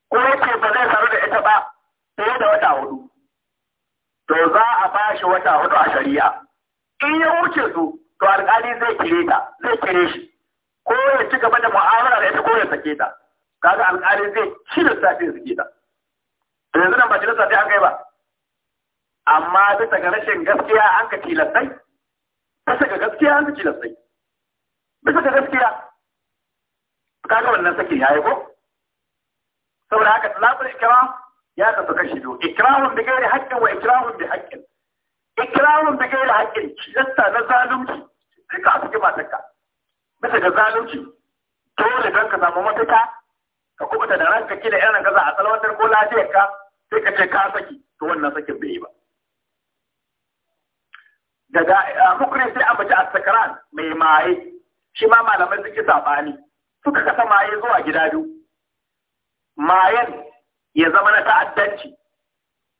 Speaker 1: ko yace ba zai saru da ita ba sai da wata hudu to za a ba shi wata hudu a shari'a in ya wuce su to alƙali zai kire ta zai kire shi ko ya ci gaba da mu'amala da ita ko ya sake ta kaga alƙali zai shirya ta ce sake ta to yanzu nan ba sa dai an kai ba amma bisa ga rashin gaskiya an ka tilastai bisa ga gaskiya an ka tilastai bisa ga gaskiya kaga wannan sakin yayi ko saboda haka talaqul ikram ya kasu kashi do. ikramun bi gairi haqqin wa ikramun bi haqqin ikramun bi gairi haqqin kiyasta na zalunci sai ka suke matarka bisa ga zalunci dole don ka samu mataka ka kubuta da ranka kila irin ka za a salwantar ko lafiyarka sai ka ce ka saki to wannan sakin bai yi ba daga ah, mukrin sai ambaci a sakaran mai maye shi ma malamai suke sabani suka kasa maye zuwa gida biyu mayen ya zama na ta'addanci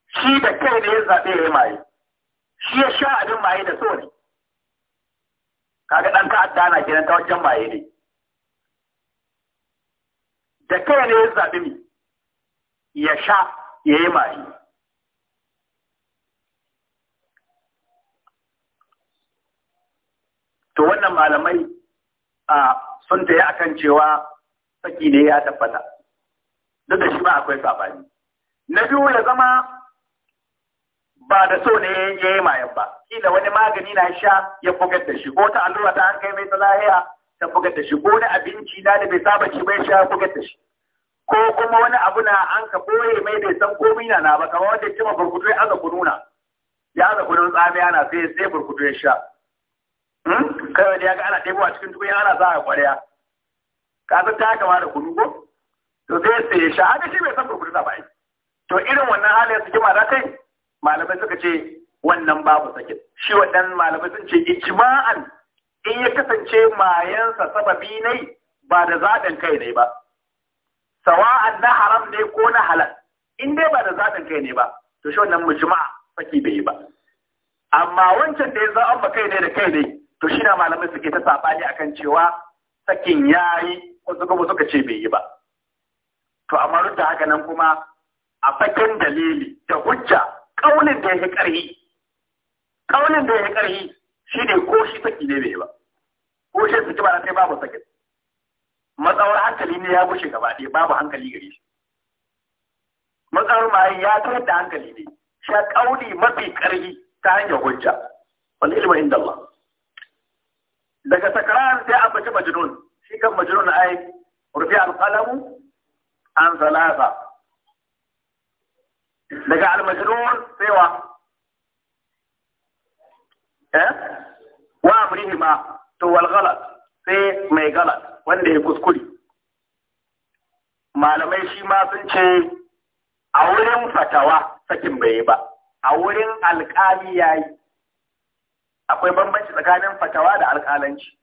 Speaker 1: shi da kai ne ya zaɓe ya yi maye shi ya sha abin maye da so ne kaga ɗan ta'adda na gidan ta wajen maye ne da kai ne ya zaɓi ya sha ya yi maye to wannan malamai a sun taya akan cewa saki ne ya tabbata duk da shi ba akwai sabani na biyu ya zama ba da so ne ya yi mayan ba kila wani magani na sha ya bugar da shi ko ta allura ta an kai mai salahiya ta bugar da shi ko wani abinci na da bai saba shi bai sha ya bugar da shi ko kuma wani abu na an ka boye mai bai san komai na na ba kamar wanda ya cima ma burkutu ya aza kununa ya aza kunun tsamiya na sai sai burkutu ya sha hmm? kawai da ya ga ana a cikin tukun ana sa a kwariya ka ta kama da kudu ko to zai sai ya sha haka shi bai san burkutu ba to irin wannan halin su kima da kai malamai suka ce wannan babu sakin shi waɗannan malamai sun ce ijma'an in ya kasance mayansa sababi ne ba da zaɗin kai ne ba sawa'an na haram ne ko na halal in dai ba da zaɗin kai ne ba to shi wannan mujma'a saki bai yi ba amma wancan da ya ba kai ne da kai ne to shi da malamai suke ta sabani akan cewa sakin ya yi wasu kuma suka ce bai yi ba to amma duk da haka nan kuma a fakin dalili da hujja ƙaunin da ya yi karhi ƙaunin da ya yake karhi shine ko shi saki ne bai yi ba ko shi saki ba sai babu sakin matsawar hankali ne ya bushe gaba ɗaya babu hankali gare shi matsawar maye ya tayar da hankali ne sha kauli mafi karhi ta hanyar hujja Wani ilimin inda Allah daga sakaran sai an baci majnun shi kan majnun ai rufi al-qalam an salasa daga al-majnun sai wa eh wa amrihima to wal ghalat sai mai ghalat wanda ya kuskure malamai shi ma sun ce a wurin fatawa sakin bai ba a wurin alƙali yayi akwai bambanci tsakanin fatawa da alƙalanci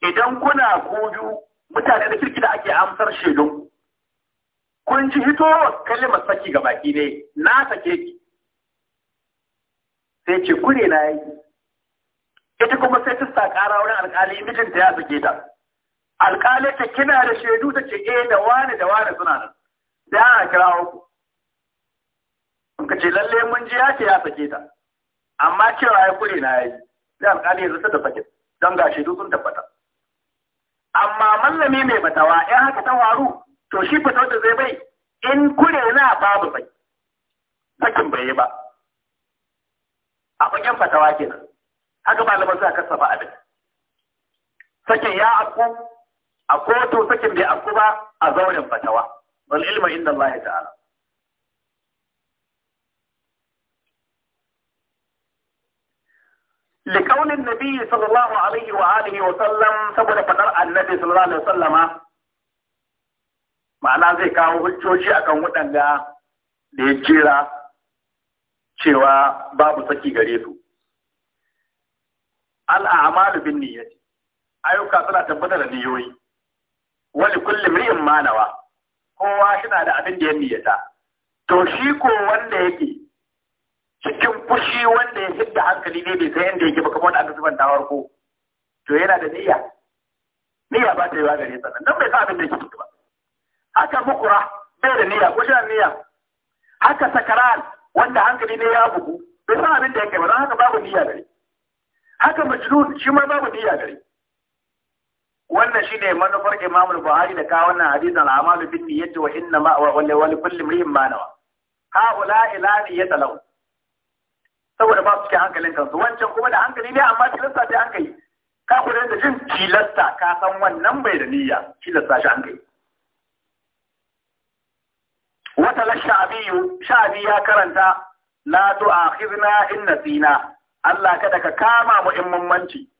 Speaker 1: idan kuna kuju mutane da kirki da ake amsar shaidun kun ji hito kalmar saki ga baki ne na sake ki sai ce kure na yi ita kuma sai ta sa ƙara wurin alƙali mijinta ya sake ta alƙali ta kina da shaidu ta ce eh da wani da wani suna nan da ana kira ku ka ce lalle mun ji ya ce ya sake ta amma cewa ya kure na yayi zai alƙali ya zata da fakin don ga shaidu sun tabbata amma mallami mai fatawa in haka ta faru to shi fatawar da zai bai in kure na babu bai fakin bai yi ba a fakin fatawa kenan haka malaman suka kasafa abin sakin ya akku a kotu sakin bai akku ba a zauren fatawa wal ilma inda Allah ta'ala لقول النبي صلى الله عليه وآله وسلم saboda fadar annabi sallallahu ma'ana zai kawo hujjoji akan waɗanda da ya jera cewa babu saki gare su al'amalu bin niyyati ayyuka suna tabbatar da niyoyi wani kullum ri'in manawa kowa shi da abin da ya niyyata to shi ko wanda yake cikin fushi wanda ya hidda hankali ne bai san yadda yake ba kamar wanda aka zuban da ko to yana da niyya niyya ba ta yi wa gare sannan don bai sa abin da yake ba haka mukura bai da niyya ko shan niyya haka sakaran wanda hankali ne ya bugu bai sa abin da yake ba don haka babu niyya gare haka majnun shi ma babu niyya gare wannan shine manufar Imam Buhari da kawo wannan hadisin al-amalu bin niyyati wa inna ma wa kulli imrin ma nawa haula ila niyyati lahu saboda ba su cikin hankalin kansu wancan kuma da hankali ne amma tilasta ta hankali ka ku da jin tilasta ka san wannan bai da niyya tilasta shi hankali wata la sha'abiyu sha'abi ya karanta la tu'akhidna in nasina Allah kada ka kama mu in mummanci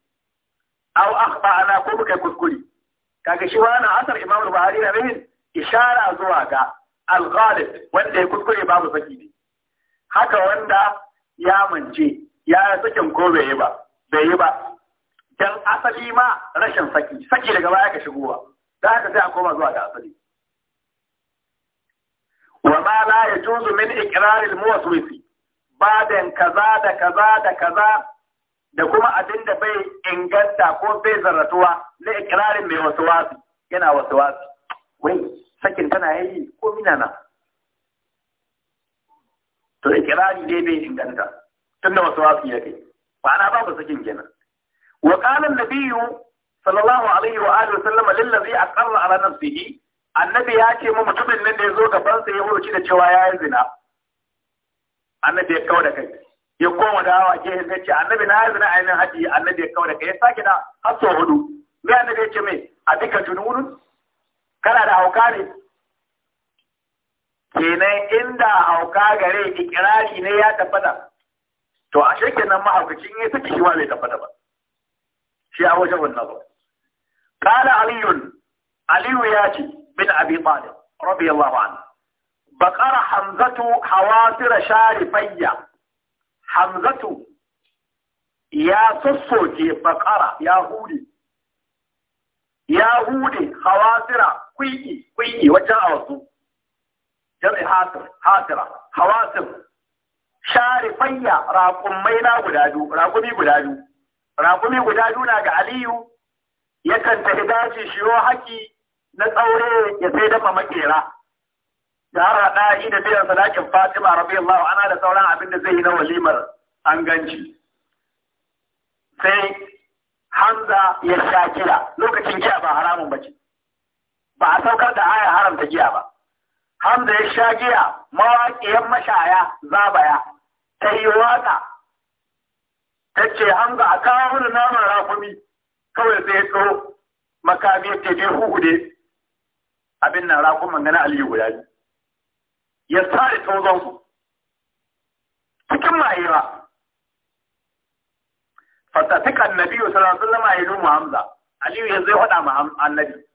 Speaker 1: aw akhta'na ko muka kuskure kaga shi wannan asar Imam Buhari na bin ishara zuwa ga al-ghalib wanda ya kuskure babu saki ne haka wanda ya mance ya yi sakin ko bai yi ba bai yi ba dan asali ma rashin saki saki daga baya ka shigowa da haka sai a koma zuwa ga asali wa ma la yajuzu min iqraril muwaswisi badan kaza da kaza da kaza da kuma abin da bai inganta ko bai zarratuwa na iqrarin mai wasu wasu yana wasu wasu wai sakin tana yayi ko mina na to ikirari dai bai inganta tunda wasu wasu ya kai ma'ana ku sakin kenan wa qala nabiyyu sallallahu alaihi wa alihi wa lil ladhi aqarra ala nafsihi annabi ya ce mu mutumin nan da ya zo gaban sa ya wuce da cewa ya yi zina annabi ya kawo da kai ya koma da hawa ke yin ce annabi na yi zina ainihin haji annabi ya kawo da kai ya sake da har sau hudu me annabi ya ce mai a duka jununun kana da hauka ne kenan inda hauka gare ikirari ne ya tabbata to a shi kenan mahaukacin ya fi cikiwa bai tabbata ba shi a wajen wannan ba kala aliyun aliyu ya ce bin abi talib radiyallahu anhu bakara hamzatu hawasir fayya. hamzatu ya sassoke bakara ya hude ya hude hawasira kuyi kuyi wajen awasu hatir hatira hawasin share fayya raƙumai na guda biyu raƙumi guda biyu raƙumi guda biyu na ga aliyu yakan tafi daji shiro haƙi na tsaure ya sai dafa maƙera. da har haɗa yi da biyan sadakin fatima rabiyallahu ana da sauran abin da zai yi na walimar an sai hamza ya sha kira lokacin giya ba haramun bace ba a saukar da aya haramta giya ba hamza ya sha giya mawaƙiyar mashaya zabaya ta yi waƙa ta ce hamza a kawo mana naman rakumi kawai sai tso makami ta je huhude abin nan rakumin gana aliyu guda biyu ya sare tozon su cikin mayewa fasatika annabi sallallahu alaihi wasallam ya nuna hamza aliyu ya zai faɗa ma annabi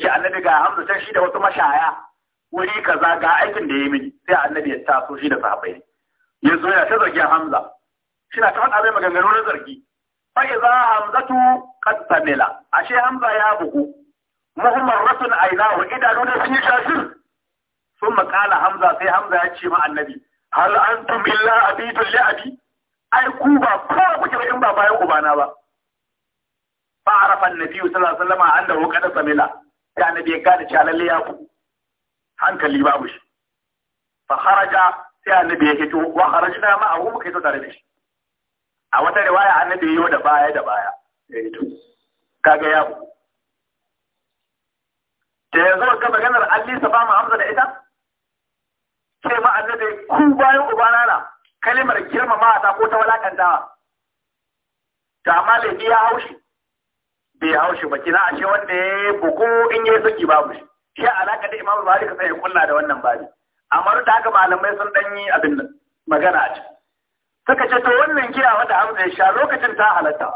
Speaker 1: ce annabi ga hamza can shi da wasu mashaya wuri kaza ga aikin da ya mini sai annabi ya taso shi da sahabbai ya zo ya ta zargi hamza shi na ta faɗa mai maganganu na zargi fa iza hamzatu qad tamila ashe hamza ya bugu muhammaratun ainahu idanu da sun yi shashir ثم قال hamza sai hamza ya ce ma annabi hal antum illa abidul li abi ai ku ba kowa kuke in ba bayan ubana ba fa arafa annabi sallallahu alaihi wasallam annahu qad samila ya annabi ya gane cewa lalle ya ku hankali babu shi fa kharaja sai annabi ya fito wa kharajna ma'ahu muka fito tare da shi a wata riwaya annabi yayi da baya da baya ya fito kaga ya bugu da yanzu ga maganar Ali safa mu hamza da ita ce ma annabi ku bayan ubana na kalmar girmama ta ko ta walakanta Ta amma laifi ya haushi bai haushi ba kina ashe wanda ya buku in yayi saki babu shi shi alaka da imamu Malik sai ya kulla da wannan babi amma da haka malamai sun dan yi abin nan magana a cikin. suka ce to wannan kira wanda Hamza ya sha lokacin ta halatta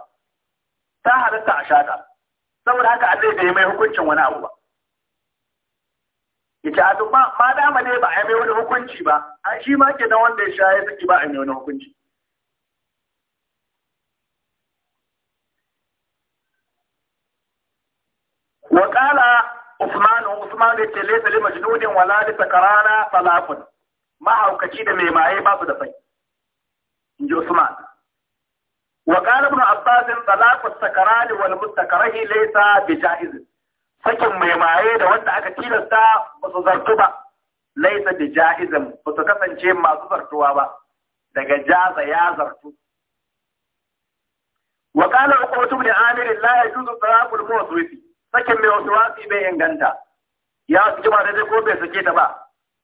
Speaker 1: ta halatta a shaka. saboda haka Allah bai mai hukuncin wani abu ba yace a duk ma dama ne ba a mai wani hukunci ba a shi ma kenan wanda ya sha ya saki ba a mai wani hukunci وقال Usman Usman ya ce lesa lima jinudin wala da takarana salafin mahaukaci da mai maye ba su da sai ji Usman wa qala ibn Abbas salafin sakarani wal mustakarahi laysa bi jaiz sakin mai maye da wanda aka tilasta ba su zartu ba laysa bi jaizin ba su kasance masu zartuwa ba daga jaza ya zartu وقال عقبة بن عامر لا يجوز طلاق الموسوس sakin mai wasu wafi bai inganta ya su jima da ko bai suke ta ba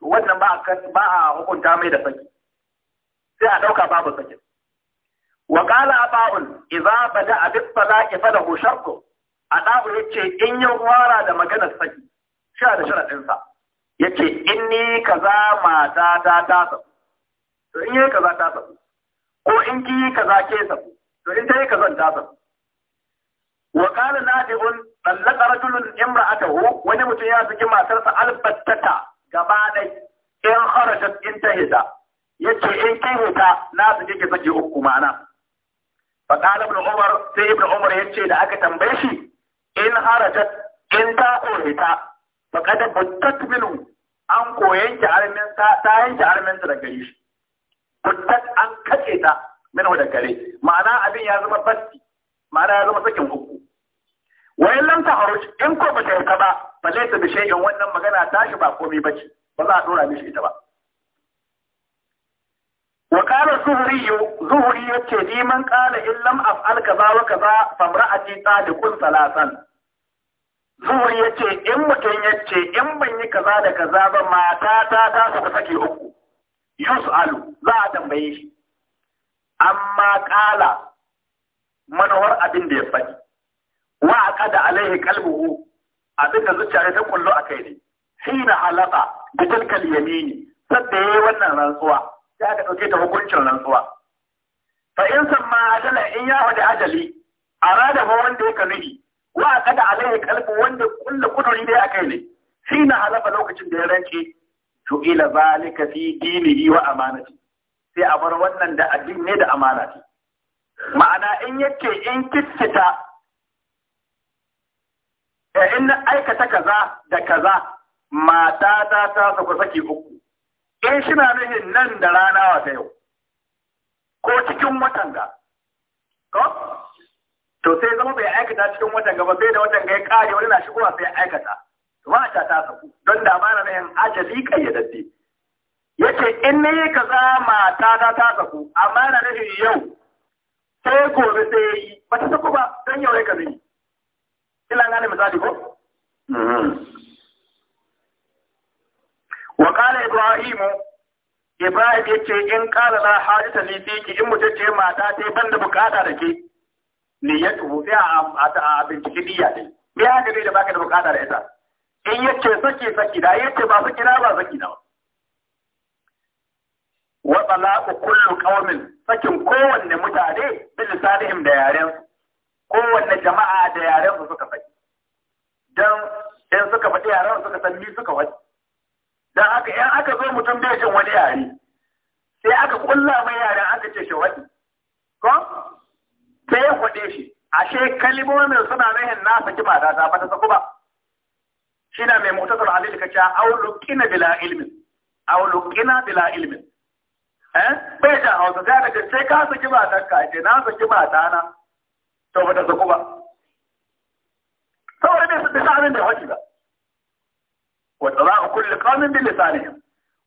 Speaker 1: wannan ba a hukunta mai da saki sai a ɗauka babu sakin wa qala aba'un idza bada bi talaqi falahu shartu adabu yace in yi wara da maganar saki sha da sharadin sa yace inni kaza mata ta ta sa to in yi kaza ta sa ko in ki kaza ke sa to in tayi kaza ta sa wa qala nadibun sallaka rajulun imra'atahu wani mutum ya saki matarsa albattata gaba dai in kharajat in tahida yace in kai huta na saki ki saki uku mana fa qala ibn umar sai ibn umar yace da aka tambaye shi in kharajat in ta kohita fa qad buttatbilu an koyan ki armin ta ta yanki armin da gari shi buttat an kace ta min da kare ma'ana abin ya zama batti ma'ana ya zama sakin uku wayan lam ta'ruj in ko ba ta ba fa laysa bi shay'in wannan magana ta shi ba komai bace ba za a dora mishi ita ba wa qala zuhri zuhri yace ni man qala in lam af'al kaza wa kaza famra'ati taliqun salasan zuhri yace in mutun yace in ban yi kaza da kaza ba mata ta suka sake uku yus'alu za a tambaye shi amma qala manawar abin da ya faɗi wa aqada alaihi a abinda zuciya ta kullu kai ne hina halaka bi tilkal yamini sadda yayi wannan rantsuwa ya ga dauke ta hukuncin rantsuwa fa in samma ajala in ya wada ajali arada ba wanda ya nuhi wa aqada alaihi kalbu wanda kullu kuduri dai kai ne na halaka lokacin da ya rance to ila zalika fi dinihi wa amanati sai a bar wannan da addini ne da amanati ma'ana in yake in kittita in na aikata kaza da kaza mata ta ta saku saki uku in shi na nan da rana wata yau ko cikin watan ga ko to sai zama bai aikata cikin watan gaba sai da watan ga ya kare wani na shigowa sai ya aikata Wata ta saku don da ba na nuhin ajali kayyadadde yace in na yi kaza mata ta ta saku amma na nuhin yau sai gobe sai yi ba ta saku ba don yau ya kaza yi ila gane misali ko mm-hmm. wa qala ibrahim ibrahim yace in qala la hajata li fiki in mutace mata tai banda bukata da ke niyyatu sai a bincike niyya ne me ya gane da baka da bukata da ita in yace saki saki da yace ba saki na ba saki na wa talaqu kullu qaumin sakin kowanne mutane bil salihim da yaren kowanne jama'a da yaren su suka faɗi don in suka faɗi yaren suka san ni suka wani don haka in aka zo mutum bai jin wani yare sai aka kulla mai yaren aka ce shi wani ko sai ya kwaɗe shi ashe kalimomin suna nahin na saki ba ta ba ta saku ba shi na mai sun halil ka ce aulukina bila ilmin aulukina bila ilimin. eh bai da hausa sai ce sai ka saki mata ka ce na saki ta na to ba ta saku ba saboda bai da sanin da haji ba wa tsara kullu qawmin bi lisanihim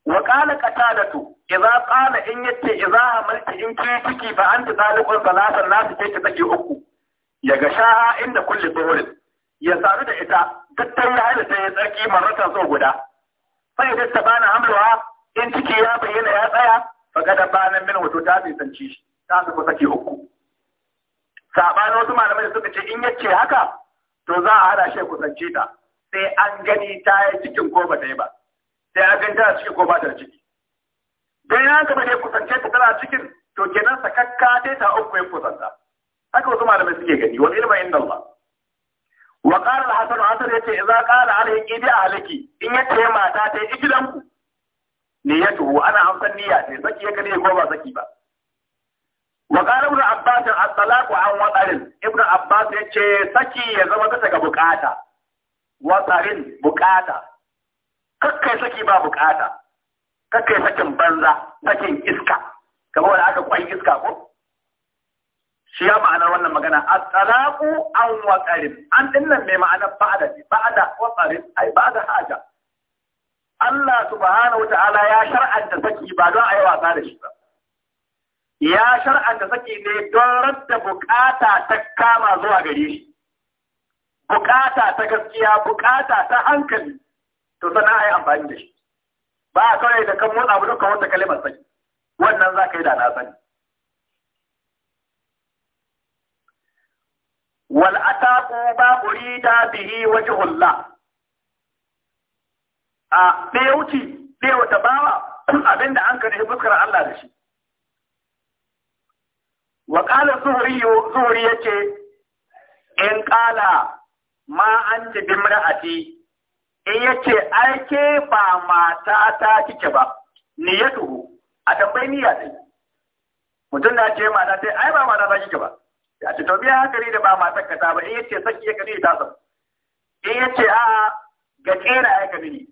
Speaker 1: wa qala qatadatu idza qala in yace idza amalti in ke ciki fa anta taliqun salatan nasu ke ki saki uku ya ga sha'a inda kulli dhuhrin ya sadu da ita dattan ya hada sai ya tsarki marrata so guda sai da ta bana hamlawa in ciki ya bayyana ya tsaya fa kada bana min wato ta bi shi, ta su saki uku sabanin wasu malamai da suka ce in yace haka to za a hada shi kusance ta sai an gani ta yi cikin ko ba ta yi ba sai an gani tana cikin ko ba ta ciki don ya ka ne kusance ta tana cikin to kenan sakakka dai ta uku ya kusanta haka wasu malamai suke gani wani ilma inda Allah wa qala al-hasan hasan yace idza qala alayhi qidi ahliki in yace mata ta yi gidanku niyyatu ana amsan niyya ne saki ya gane ko ba saki ba wa qala ibn abbas at-talaqu an watarin ibn abbas yace saki ya zama bisa ga bukata watarin bukata kakkai saki ba bukata kakkai sakin banza sakin iska kamar wanda aka kwai iska ko shi ya ma'anar wannan magana at-talaqu an watarin an dinnan mai ma'anar ba'da ba'da watarin ai ba'da haja Allah subhanahu ya shar'anta saki ba don a yi wasa da shi ba ya shar'anta saki ne don radda bukata ta kama zuwa gare shi bukata ta gaskiya bukata ta hankali to sana a yi amfani da shi ba a kawai da kan motsa buduka wata kalimar saki wannan za ka yi da na sani Wal'ata ku ba urida bihi hulla. a ɗaya wuce ɗaya wata bawa abinda an kare fuskar Allah da shi وقال زهري زهري zuhri إن قال ما أنت بمرأتي إن ba mata kike ba ya a mutum na ce mata sai ai ba mata ta kike ba ya ce to biya hakari da ba mata ka ba in saki ya kare ta san in yace ga ya ni.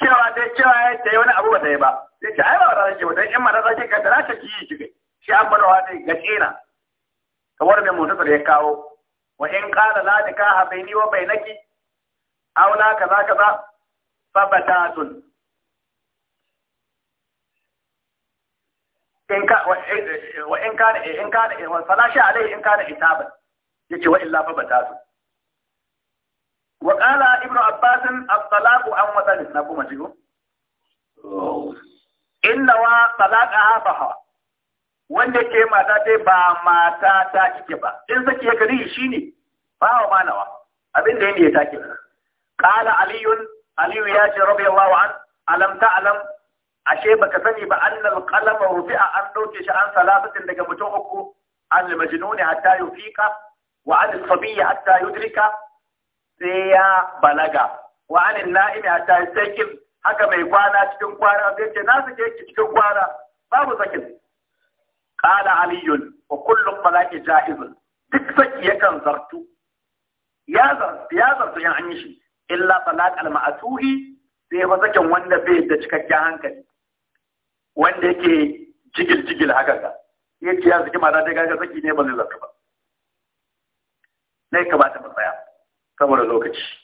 Speaker 1: cewa dai cewa ya ce wani abu ba ta yi ba sai ce ai ba ta kike ba dan in ma ta kike ka da ta ki yi shi akwalwa ne ga tsina kamar mai da ya kawo wa in qala la nikaha baini wa bainaki aw kaza kaza fabatatun in ka wa in ka in ka wa salashi alai in ka da yace wa illa wa ibnu abbas at an wadan na kuma jigo oh. inna wa talaqa fa wanda ke mata dai ba mata ta kike ba in saki ya gari shi ne ba wa manawa abin da ya take nan qala aliyun aliyu ya ce radiyallahu an alam ta'lam ashe baka sani ba annal qalama rufi'a an dauke shi an salafatin daga mutum uku an majnun hatta yufiqa wa an sabiyya hatta yudrika sai ya balaga wa an na'imi hatta yastaqim haka mai kwana cikin kwana sai ce na sake cikin kwana babu sakin قال علي وكل الطلاق جائز duk saki yakan zartu zartu ya zartu ya an yi shi illa talaq al ma'tuhi sai ba sakin wanda bai da cikakken hankali wanda yake jigil jigil haka ga yace ya saki mata dai ga saki ne ba zai zartu ba sai ka ba ta tsaya saboda lokaci